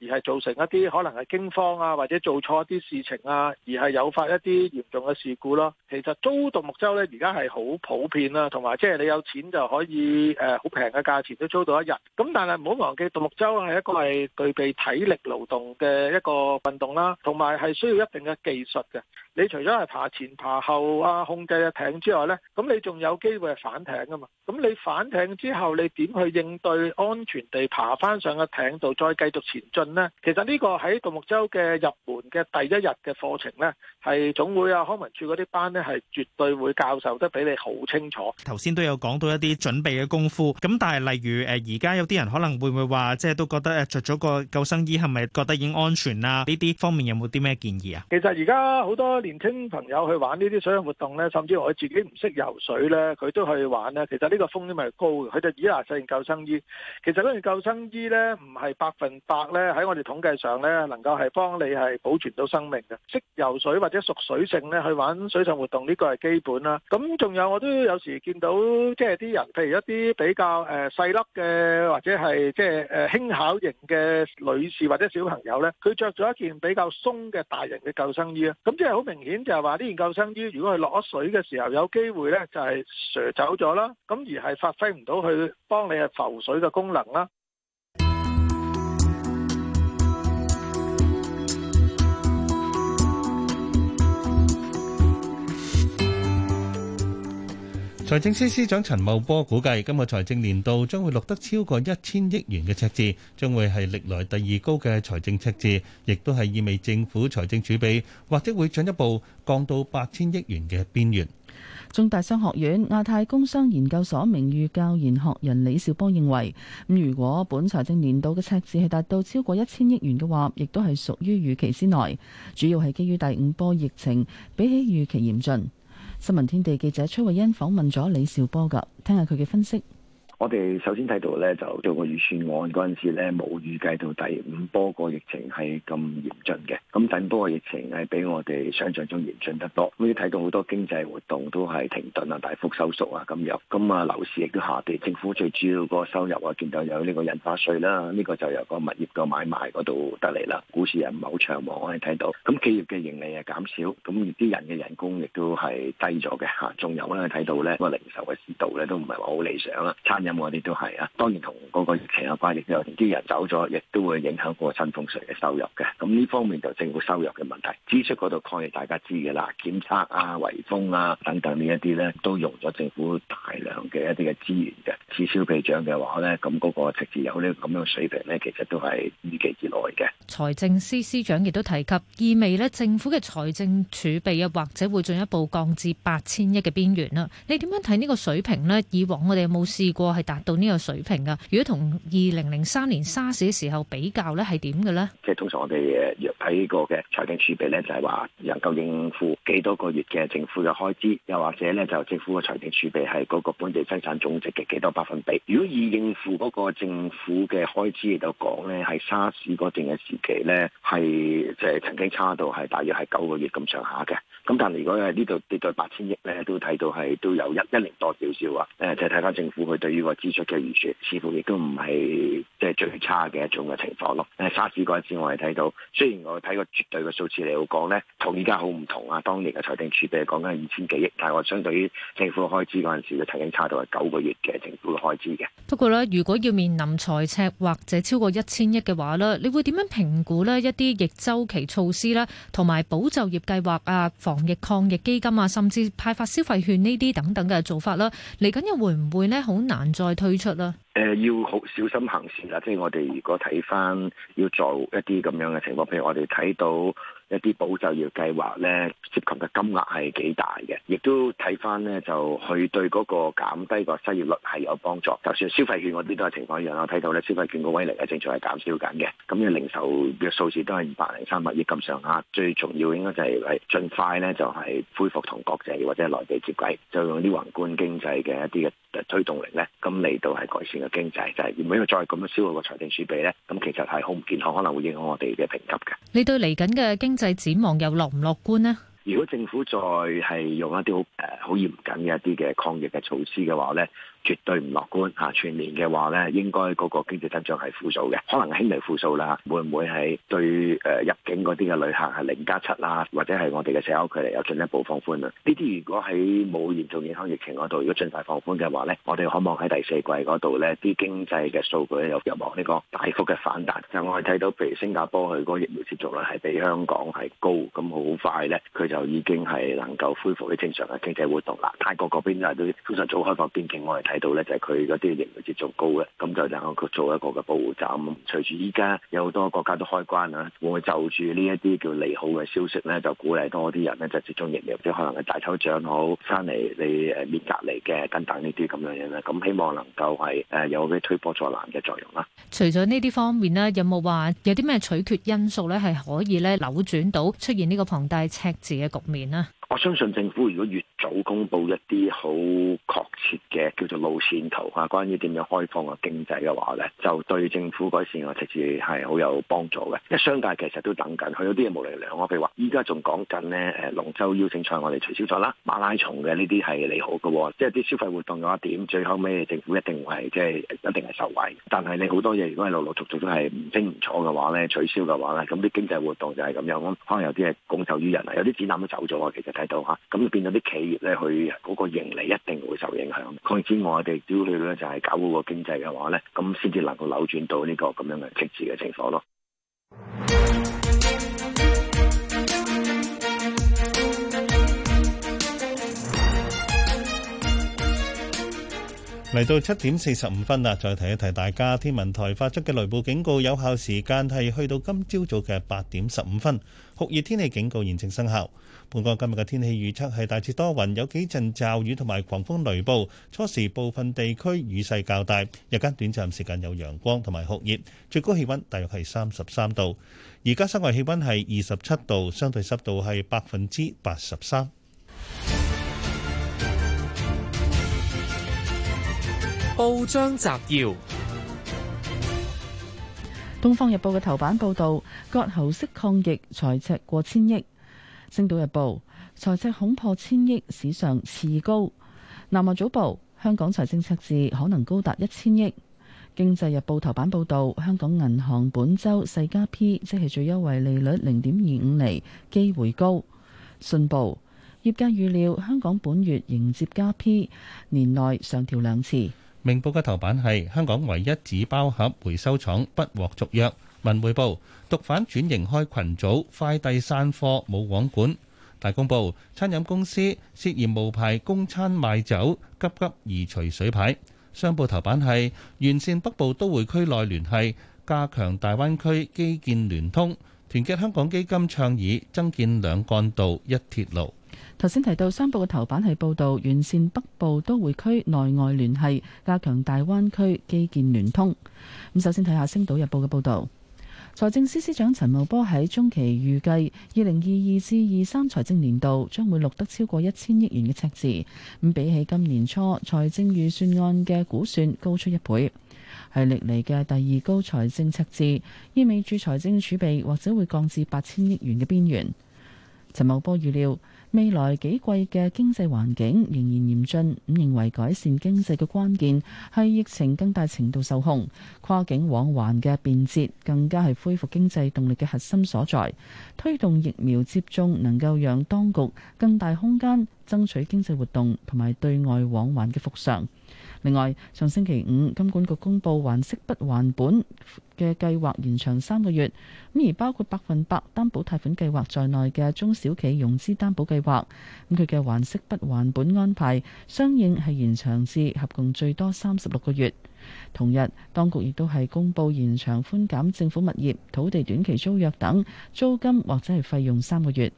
而係造成一啲可能係驚慌啊，或者做錯一啲事情啊，而係誘發一啲嚴重嘅事故咯。其實租獨木舟呢，而家係好普遍啦、啊，同埋即係你有錢就可以誒好平嘅價錢都租到一日。咁但係唔好忘記獨木舟係一個係具備體力勞動嘅一個運動啦，同埋係需要一定嘅技術嘅。你除咗係爬前爬後啊，控制個艇之外呢，咁你仲有機會係反艇㗎嘛？咁你反艇之後，你點去應對安全地爬返上個艇度，再繼續前進？咧，其實呢個喺獨木舟嘅入門嘅第一日嘅課程呢，係總會啊康文署嗰啲班呢，係絕對會教授得畀你好清楚。頭先都有講到一啲準備嘅功夫，咁但係例如誒而家有啲人可能會唔會話，即係都覺得誒著咗個救生衣係咪覺得已經安全啦、啊？呢啲方面有冇啲咩建議啊？其實而家好多年輕朋友去玩呢啲水上活動呢，甚至我自己唔識游水呢，佢都去玩咧。其實呢個風險係高嘅，佢就以為著件救生衣。其實嗰件救生衣呢，唔係百分百呢。喺我哋統計上咧，能夠係幫你係保存到生命嘅，識游水或者熟水性咧，去玩水上活動呢個係基本啦。咁仲有，我都有時見到，即係啲人，譬如一啲比較誒細粒嘅，或者係即係誒輕巧型嘅女士或者小朋友咧，佢着咗一件比較鬆嘅大型嘅救生衣啦。咁即係好明顯就係話，呢件救生衣如果佢落咗水嘅時候，有機會咧就係蛇走咗啦，咁而係發揮唔到去幫你係浮水嘅功能啦。財政司司長陳茂波估計，今個財政年度將會錄得超過一千億元嘅赤字，將會係歷來第二高嘅財政赤字，亦都係意味政府財政儲備或者會進一步降到八千億元嘅邊緣。中大商學院亞太工商研究所名譽教研學人李兆波認為，咁如果本財政年度嘅赤字係達到超過一千億元嘅話，亦都係屬於預期之內，主要係基於第五波疫情，比起預期嚴峻。新聞天地記者崔慧欣訪問咗李兆波噉，聽下佢嘅分析。我哋首先睇到咧，就做個預算案嗰陣時咧，冇預計到第五波個疫情係咁嚴峻嘅。咁第五波個疫情係比我哋想像中嚴峻得多。咁啲睇到好多經濟活動都係停頓啊，大幅收縮啊咁樣。咁啊，樓市亦都下跌。政府最主要個收入啊，見到有呢個印花稅啦，呢、這個就由個物業個買賣嗰度得嚟啦。股市又唔係好暢旺可以睇到。咁企業嘅盈利係減少，咁啲人嘅人工亦都係低咗嘅嚇。仲、啊、有咧睇到咧個零售嘅市道咧都唔係話好理想啦，嗯、我哋都係啊，當然同嗰個疫情有關，亦都有啲人走咗，亦都會影響嗰個薪俸稅嘅收入嘅。咁、嗯、呢方面就政府收入嘅問題，支出嗰度抗疫大家知嘅啦，檢測啊、圍封啊等等呢一啲咧，都用咗政府大量嘅一啲嘅資源嘅。那那至少委長嘅話咧，咁嗰個赤字有呢咁樣水平咧，其實都係預期之內嘅。財政司司長亦都提及，意味咧政府嘅財政儲備啊，或者會進一步降至八千億嘅邊緣啦。你點樣睇呢個水平咧？以往我哋有冇試過？達到呢個水平㗎，如果同二零零三年沙士嘅時候比較咧，係點嘅咧？即係通常我哋誒睇過嘅財政儲備咧，就係話能夠應付幾多個月嘅政府嘅開支，又或者咧就政府嘅財政儲備係嗰個本地生產總值嘅幾多百分比？如果以應付嗰個政府嘅開支嚟到講咧，喺沙士嗰段嘅時期咧，係即係曾經差到係大約係九個月咁上下嘅。咁但係如果係呢度跌到八千億咧，都睇到係都有 1, 1, 一一年多少少啊！誒、呃，就睇翻政府佢對於個支出嘅預算，似乎亦都唔係即係最差嘅一種嘅情況咯。誒、呃，沙士嗰陣時我係睇到，雖然我睇過絕對嘅數字嚟講咧，同而家好唔同啊。當年嘅財政儲備講緊二千幾億，但係我相對於政府開支嗰陣時佢曾經差到係九個月嘅政府嘅開支嘅。不過咧，如果要面臨財赤或者超過一千億嘅話咧，你會點樣評估呢？一啲逆週期措施啦，同埋保就業計劃啊，防抗疫抗疫基金啊，甚至派發消費券呢啲等等嘅做法啦，嚟緊又會唔會咧？好難再推出啦。誒、呃，要好小心行事啦。即係我哋如果睇翻要做一啲咁樣嘅情況，譬如我哋睇到。一啲保就業計劃咧，涉及嘅金額係幾大嘅，亦都睇翻咧就佢對嗰個減低個失業率係有幫助。就算消費券嗰啲都係情況一樣啦。睇到咧消費券個威力嘅正在係減少緊嘅，咁嘅零售嘅數字都係五百零三百億咁上下。最重要應該就係、係、為盡快咧就係恢復同國際或者內地接軌，就用啲宏觀經濟嘅一啲嘅。推動力咧，咁嚟到係改善個經濟，就係因為再咁樣消耗個財政儲備咧，咁其實係好唔健康，可能會影響我哋嘅評級嘅。你對嚟緊嘅經濟展望又樂唔樂觀呢？如果政府再係用一啲好誒好嚴謹嘅一啲嘅抗疫嘅措施嘅話咧。絕對唔樂觀嚇、啊，全年嘅話咧，應該嗰個經濟增長係負數嘅，可能輕微負數啦。會唔會係對誒入境嗰啲嘅旅客係零加七啦，或者係我哋嘅社交距離有進一步放寬啊？呢啲如果喺冇嚴重健康疫情嗰度，如果儘快放寬嘅話咧，我哋可望喺第四季嗰度咧，啲經濟嘅數據咧有有望呢個大幅嘅反彈。但、就是、我係睇到，譬如新加坡佢嗰個疫苗接觸率係比香港係高，咁好快咧，佢就已經係能夠恢復啲正常嘅經濟活動啦。泰國嗰邊都係都通常早開放邊境，我哋。睇到咧就係佢嗰啲疫苗接種高嘅，咁就能夠佢做一個嘅保護罩。隨住依家有好多國家都開關啦，會唔會就住呢一啲叫利好嘅消息咧，就鼓勵多啲人咧就接種疫苗，即可能係大抽獎好翻嚟你誒免隔離嘅等等呢啲咁樣樣咧，咁希望能夠係誒有啲推波助瀾嘅作用啦。除咗呢啲方面呢，有冇話有啲咩取決因素咧，係可以咧扭轉到出現呢個龐大赤字嘅局面咧？ 我相信政府如果越早公布一啲好確切嘅叫做路線圖啊，關於點樣開放個經濟嘅話咧，就對政府改善個措施係好有幫助嘅。因為商界其實都等緊佢有啲嘢冇理由，我譬如話依家仲講緊咧誒龍舟邀請賽我哋取消咗啦，馬拉松嘅呢啲係利好嘅，即係啲消費活動有一點，最後尾政府一定係即係一定係受惠。但係你好多嘢如果係陸陸續續都係聽唔錯嘅話咧，取消嘅話咧，咁啲經濟活動就係咁樣。樣，可能有啲係拱手於人啊，有啲展覽都走咗啊，其實。睇到吓，咁變咗啲企業咧，佢嗰個盈利一定會受影響。反之，我哋都要咧就係搞好個經濟嘅話咧，咁先至能夠扭轉到呢個咁樣嘅赤字嘅情況咯。嚟到七點四十五分啦，再提一提大家，天文台發出嘅雷暴警告有效時間係去到今朝早嘅八點十五分。酷熱天氣警告現正生效。本港今日嘅天氣預測係大致多雲，有幾陣驟雨同埋狂風雷暴，初時部分地區雨勢較大，日間短暫時間有陽光同埋酷熱，最高氣溫大約係三十三度。而家室外氣溫係二十七度，相對濕度係百分之八十三。報章摘要。《東方日報》嘅頭版報道：割喉式抗疫，財赤過千億。《星島日報》財赤恐破千億，史上次高。《南華早報》香港財政赤字可能高達一千億。《經濟日報》頭版報道：香港銀行本周四加 P，即係最優惠利率零點二五厘，機會高。信報業界預料，香港本月迎接加 P，年內上調兩次。明報嘅頭版係，香港唯一紙包盒回收廠不獲續約。文匯報毒販轉型開群組，快遞散貨冇網管。大公報餐飲公司涉嫌無牌供餐賣酒，急急移除水牌。商報頭版係完善北部都會區內聯繫，加強大灣區基建聯通。團結香港基金倡議增建兩幹道一鐵路。頭先提到商報嘅頭版係報導完善北部都會區內外聯繫，加強大灣區基建聯通。咁首先睇下《星島日報》嘅報導，財政司司長陳茂波喺中期預計，二零二二至二三財政年度將會錄得超過一千億元嘅赤字，咁比起今年初財政預算案嘅估算高出一倍，係歷嚟嘅第二高財政赤字，意味住財政儲備或者會降至八千億元嘅邊緣。陳茂波預料，未來幾季嘅經濟環境仍然嚴峻，認為改善經濟嘅關鍵係疫情更大程度受控，跨境往還嘅便捷更加係恢復經濟動力嘅核心所在。推動疫苗接種，能夠讓當局更大空間爭取經濟活動同埋對外往還嘅復常。另外，上星期五，金管局公布還息不還本嘅計劃延長三個月，咁而包括百分百擔保貸款計劃在內嘅中小企融資擔保計劃，咁佢嘅還息不還本安排相應係延長至合共最多三十六個月。同日，當局亦都係公布延長寬減政府物業、土地短期租約等租金或者係費用三個月。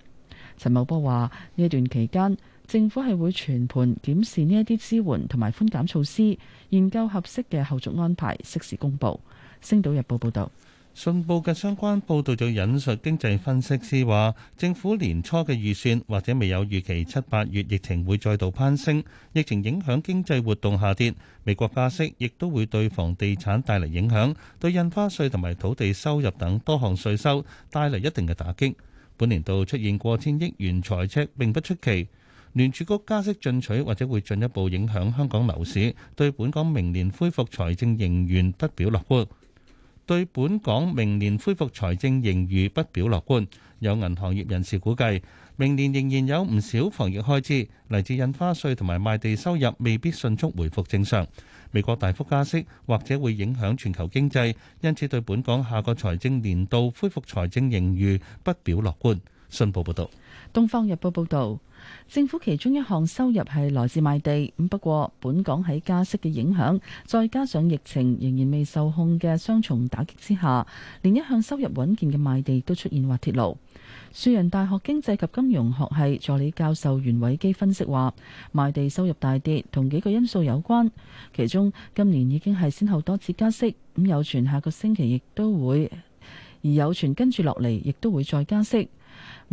陳茂波話呢一段期間，政府係會全盤檢視呢一啲支援同埋寬減措施，研究合適嘅後續安排，適時公佈。《星島日報》報道：「信報嘅相關報導就引述經濟分析師話，政府年初嘅預算或者未有預期，七八月疫情會再度攀升，疫情影響經濟活動下跌，美國加息亦都會對房地產帶嚟影響，對印花稅同埋土地收入等多項稅收帶嚟一定嘅打擊。本年度出現過千億元財赤並不出奇。聯儲局加息進取，或者會進一步影響香港樓市。對本港明年恢復財政盈餘不表樂觀。對本港明年恢復財政盈餘不表樂觀。有銀行業人士估計，明年仍然有唔少防疫開支，嚟自印花稅同埋賣地收入，未必迅速回復正常。美國大幅加息，或者會影響全球經濟，因此對本港下個財政年度恢復財政盈餘，不表樂觀。新報報道，《東方日報》報道，政府其中一項收入係來自賣地。咁不過，本港喺加息嘅影響，再加上疫情仍然未受控嘅雙重打擊之下，連一向收入穩健嘅賣地都出現滑鐵盧。樹仁大學經濟及金融學系助理教授袁偉基分析話，賣地收入大跌同幾個因素有關，其中今年已經係先後多次加息，咁有傳下個星期亦都會，而有傳跟住落嚟亦都會再加息。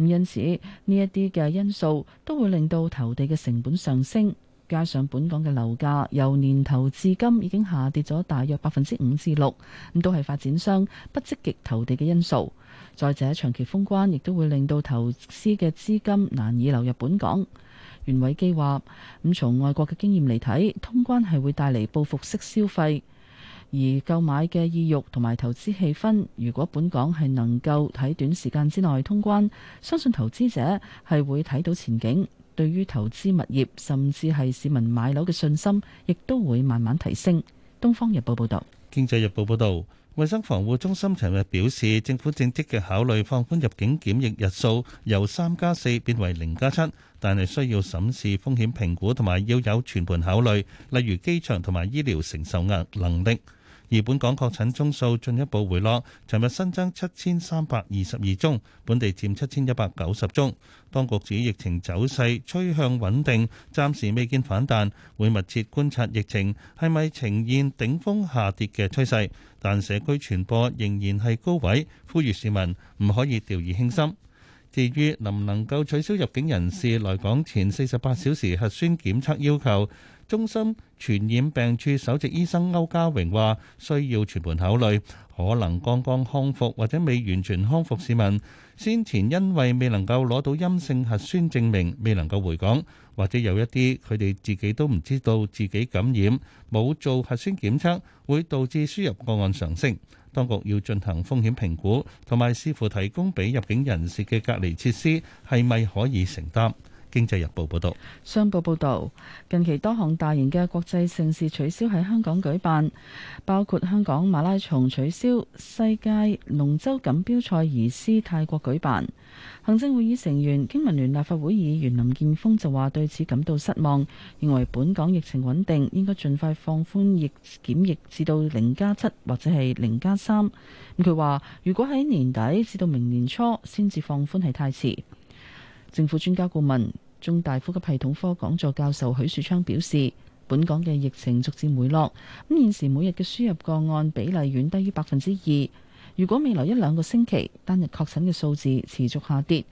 因此呢一啲嘅因素都會令到投地嘅成本上升，加上本港嘅樓價由年頭至今已經下跌咗大約百分之五至六，咁都係發展商不積極投地嘅因素。再者，長期封關亦都會令到投資嘅資金難以流入本港。袁偉基話，咁從外國嘅經驗嚟睇，通關係會帶嚟報復式消費。而購買嘅意欲同埋投資氣氛，如果本港係能夠喺短時間之內通關，相信投資者係會睇到前景。對於投資物業甚至係市民買樓嘅信心，亦都會慢慢提升。《東方日報》報道，《經濟日報》報道，衞生防護中心尋日表示，政府正積極考慮放寬入境檢疫日數由，由三加四變為零加七，7，但係需要審視風險評估同埋要有全盤考慮，例如機場同埋醫療承受壓能力。而本港確診宗數進一步回落，尋日新增七千三百二十二宗，本地佔七千一百九十宗。當局指疫情走勢趨向穩定，暫時未見反彈，會密切觀察疫情係咪呈現頂峰下跌嘅趨勢，但社區傳播仍然係高位，呼籲市民唔可以掉以輕心。至於能唔能夠取消入境人士來港前四十八小時核酸檢測要求？中心傳染病處首席醫生歐家榮話，需要全盤考慮，可能剛剛康復或者未完全康復市民，先前因為未能夠攞到陰性核酸證明，未能夠回港，或者有一啲佢哋自己都唔知道自己感染，冇做核酸檢測，會導致輸入個案上升。當局要進行風險評估，同埋視乎提供俾入境人士嘅隔離設施係咪可以承擔。經濟日報報導，商報報導，近期多項大型嘅國際盛事取消喺香港舉辦，包括香港馬拉松取消、世界龍舟錦標賽移師泰國舉辦。行政會議成員、經民聯立法會議員林健鋒就話對此感到失望，認為本港疫情穩定，應該盡快放寬疫檢疫至到零加七或者係零加三。咁佢話，如果喺年底至到明年初先至放寬，係太遲。政府專家顧問、中大呼吸系統科講座教授許樹昌表示，本港嘅疫情逐漸回落，咁現時每日嘅輸入個案比例遠低於百分之二。如果未來一兩個星期，單日確診嘅數字持續下跌，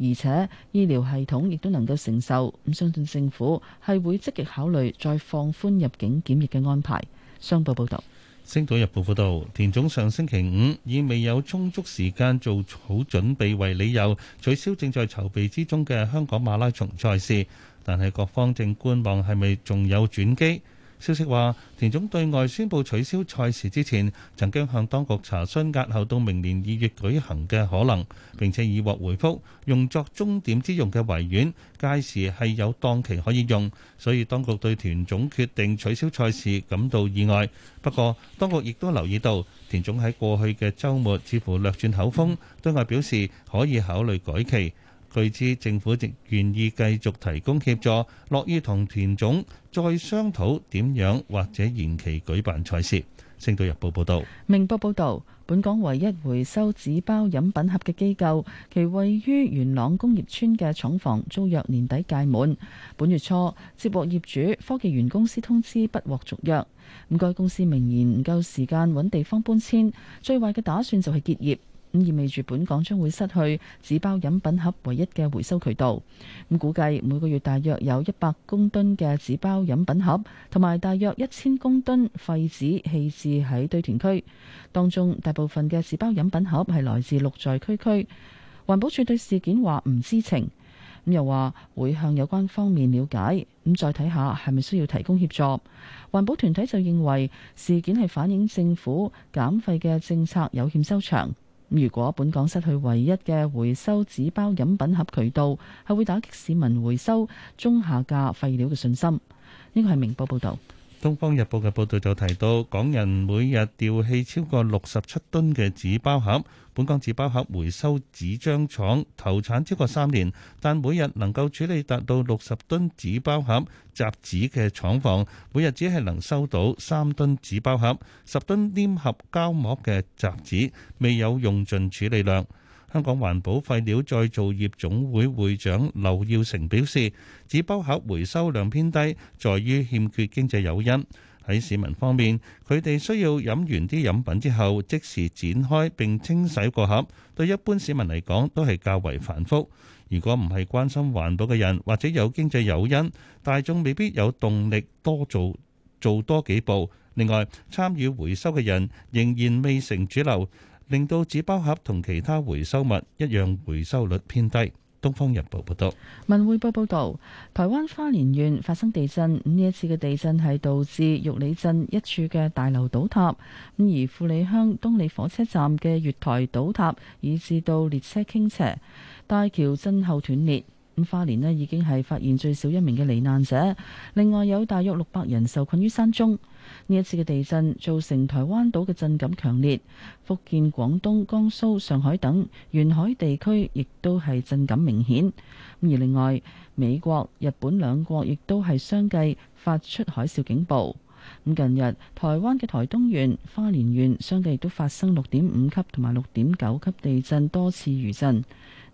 而且醫療系統亦都能夠承受，咁相信政府係會積極考慮再放寬入境檢疫嘅安排。商報報道。《星島日報》報導，田總上星期五以未有充足時間做好準備為理由，取消正在籌備之中嘅香港馬拉松賽事，但係各方正觀望係咪仲有轉機？消息話，田總對外宣布取消賽事之前，曾經向當局查詢押後到明年二月舉行嘅可能，並且已獲回覆。用作終點之用嘅維園屆時係有檔期可以用，所以當局對田總決定取消賽事感到意外。不過，當局亦都留意到田總喺過去嘅週末似乎略轉口風，對外表示可以考慮改期。據知政府亦願意繼續提供協助，樂意同田總再商討點樣或者延期舉辦賽事。星島日報報道，明報報道，本港唯一回收紙包飲品盒嘅機構，其位於元朗工業村嘅廠房租約年底屆滿。本月初接獲業主科技園公司通知，不獲續約。咁該公司明言唔夠時間搵地方搬遷，最壞嘅打算就係結業。咁意味住，本港將會失去紙包飲品盒唯一嘅回收渠道。咁估計每個月大約有一百公噸嘅紙包飲品盒，同埋大約一千公噸廢紙棄置喺堆填區。當中大部分嘅紙包飲品盒係來自綠在區區。環保署對事件話唔知情，咁又話會向有關方面了解，咁再睇下係咪需要提供協助。環保團體就認為事件係反映政府減廢嘅政策有欠收場。咁如果本港失去唯一嘅回收紙包飲品盒渠道，係會打擊市民回收中下價廢料嘅信心。呢個係明報報道。《東方日報》嘅報導就提到，港人每日丟棄超過六十七噸嘅紙包盒，本港紙包盒回收紙張廠投產超過三年，但每日能夠處理達到六十噸紙包盒雜紙嘅廠房，每日只係能收到三噸紙包盒、十噸黏合膠膜嘅雜紙，未有用盡處理量。香港環保廢料再造業總會會長劉耀成表示，紙包盒回收量偏低，在於欠缺經濟誘因。喺市民方面，佢哋需要飲完啲飲品之後，即時展開並清洗個盒，對一般市民嚟講都係較為繁複。如果唔係關心環保嘅人，或者有經濟誘因，大眾未必有動力多做做多幾步。另外，參與回收嘅人仍然未成主流。令到紙包盒同其他回收物一樣回收率偏低。《東方日報》報道，《文匯報》報導，台灣花蓮縣發生地震，呢一次嘅地震係導致玉里鎮一處嘅大樓倒塌，咁而富里鄉東里火車站嘅月台倒塌，以致到列車傾斜，大橋震後斷裂。咁花蓮咧已經係發現最少一名嘅罹難者，另外有大約六百人受困於山中。呢一次嘅地震造成台灣島嘅震感強烈，福建、廣東、江蘇、上海等沿海地區亦都係震感明顯。而另外，美國、日本兩國亦都係相繼發出海嘯警報。咁近日，台灣嘅台東縣、花蓮縣相繼都發生六點五級同埋六點九級地震，多次餘震。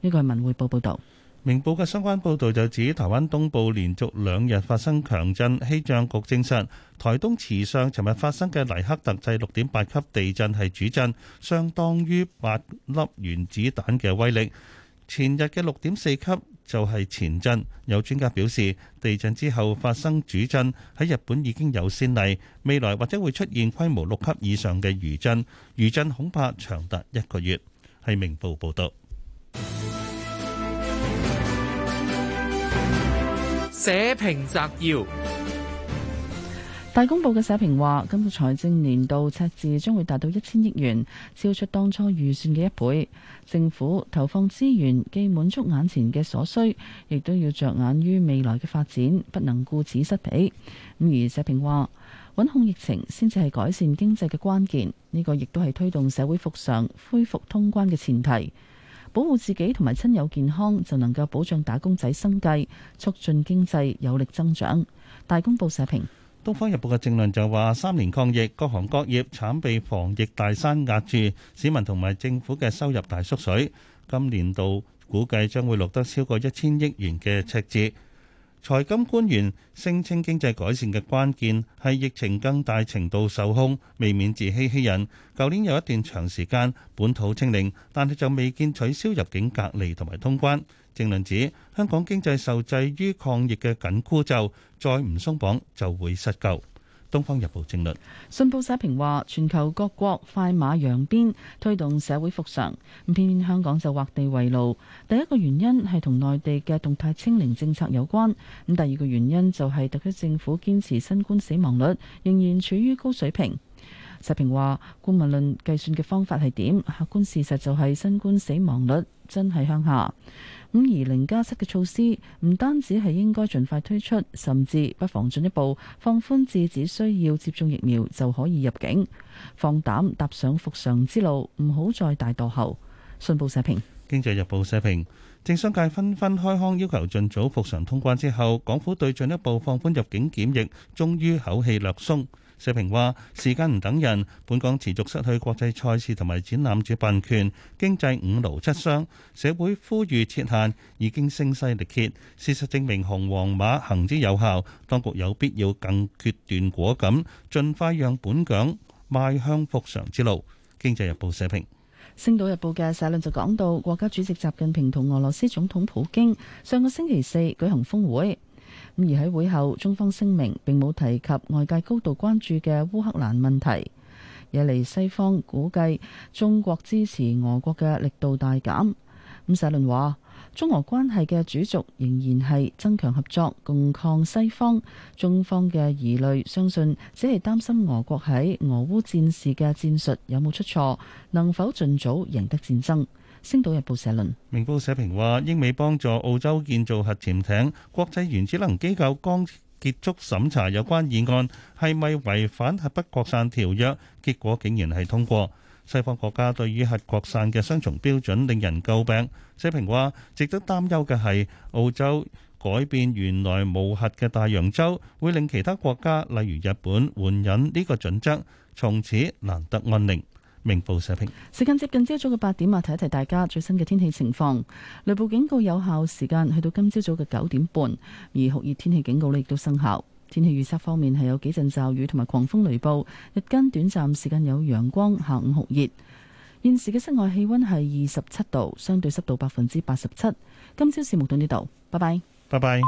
呢個係文匯報報道。明報嘅相關報導就指，台灣東部連續兩日發生強震。氣象局證實，台東池上尋日發生嘅黎克特制六點八級地震係主震，相當於八粒原子彈嘅威力。前日嘅六點四級就係前震。有專家表示，地震之後發生主震喺日本已經有先例，未來或者會出現規模六級以上嘅餘震，餘震恐怕長達一個月。係明報報道。社評摘要：大公報嘅社評話，今個財政年度赤字將會達到一千億元，超出當初預算嘅一倍。政府投放資源既滿足眼前嘅所需，亦都要着眼於未來嘅發展，不能顧此失彼。咁而社評話，穩控疫情先至係改善經濟嘅關鍵，呢個亦都係推動社會復常、恢復通關嘅前提。保護自己同埋親友健康，就能夠保障打工仔生計，促進經濟有力增長。大公報社評。《東方日報》嘅政論就話：三年抗疫，各行各業慘被防疫大山壓住，市民同埋政府嘅收入大縮水。今年度估計將會錄得超過一千億元嘅赤字。財金官員聲稱經濟改善嘅關鍵係疫情更大程度受控，未免自欺欺人。舊年有一段長時間本土清零，但係就未見取消入境隔離同埋通關。正論指香港經濟受制於抗疫嘅緊箍咒，再唔鬆綁就會失救。《東方日報》正論，信報社評話：全球各國快馬揚鞭推動社會復常，唔偏偏香港就畫地為牢。第一個原因係同內地嘅動態清零政策有關，咁第二個原因就係特區政府堅持新冠死亡率仍然處於高水平。社評話：顧問論計算嘅方法係點？客觀事實就係新冠死亡率。真係向下咁，而零加七嘅措施唔單止係應該盡快推出，甚至不妨進一步放寬，至只需要接種疫苗就可以入境，放膽踏上復常之路，唔好再大墮後。信報社評，《經濟日報》社評，政商界紛紛開腔要求盡早復常通關之後，港府對進一步放寬入境檢疫，終於口氣略鬆。社評話：時間唔等人，本港持續失去國際賽事同埋展覽主辦權，經濟五勞七傷，社會呼籲撤限已經聲嘶力竭。事實證明紅黃碼行之有效，當局有必要更決斷果敢，盡快讓本港邁向復常之路。《經濟日報》社評，《星島日報》嘅社論就講到，國家主席習近平同俄羅斯總統普京上個星期四舉行峰會。咁而喺會後，中方聲明並冇提及外界高度關注嘅烏克蘭問題，惹嚟，西方估計中國支持俄國嘅力度大減。咁社論話，中俄關係嘅主軸仍然係增強合作、共抗西方。中方嘅疑慮，相信只係擔心俄國喺俄烏戰事嘅戰術有冇出錯，能否盡早贏得戰爭。《星島日報》社論，明報社評話，英美幫助澳洲建造核潛艇，國際原子能機構剛結束審查有關議案，係咪違反核不擴散條約？結果竟然係通過。西方國家對於核擴散嘅雙重標準令人詬病。社評話，值得擔憂嘅係澳洲改變原來無核嘅大洋洲，會令其他國家例如日本，援引呢個準則，從此難得安寧。明報社評，時間接近朝早嘅八點啊，提一提大家最新嘅天氣情況。雷暴警告有效時間去到今朝早嘅九點半，而酷熱天氣警告呢亦都生效。天氣預測方面係有幾陣驟雨同埋狂風雷暴，日間短暫時間有陽光，下午酷熱。現時嘅室外氣温係二十七度，相對濕度百分之八十七。今朝視目到呢度，拜拜，拜拜。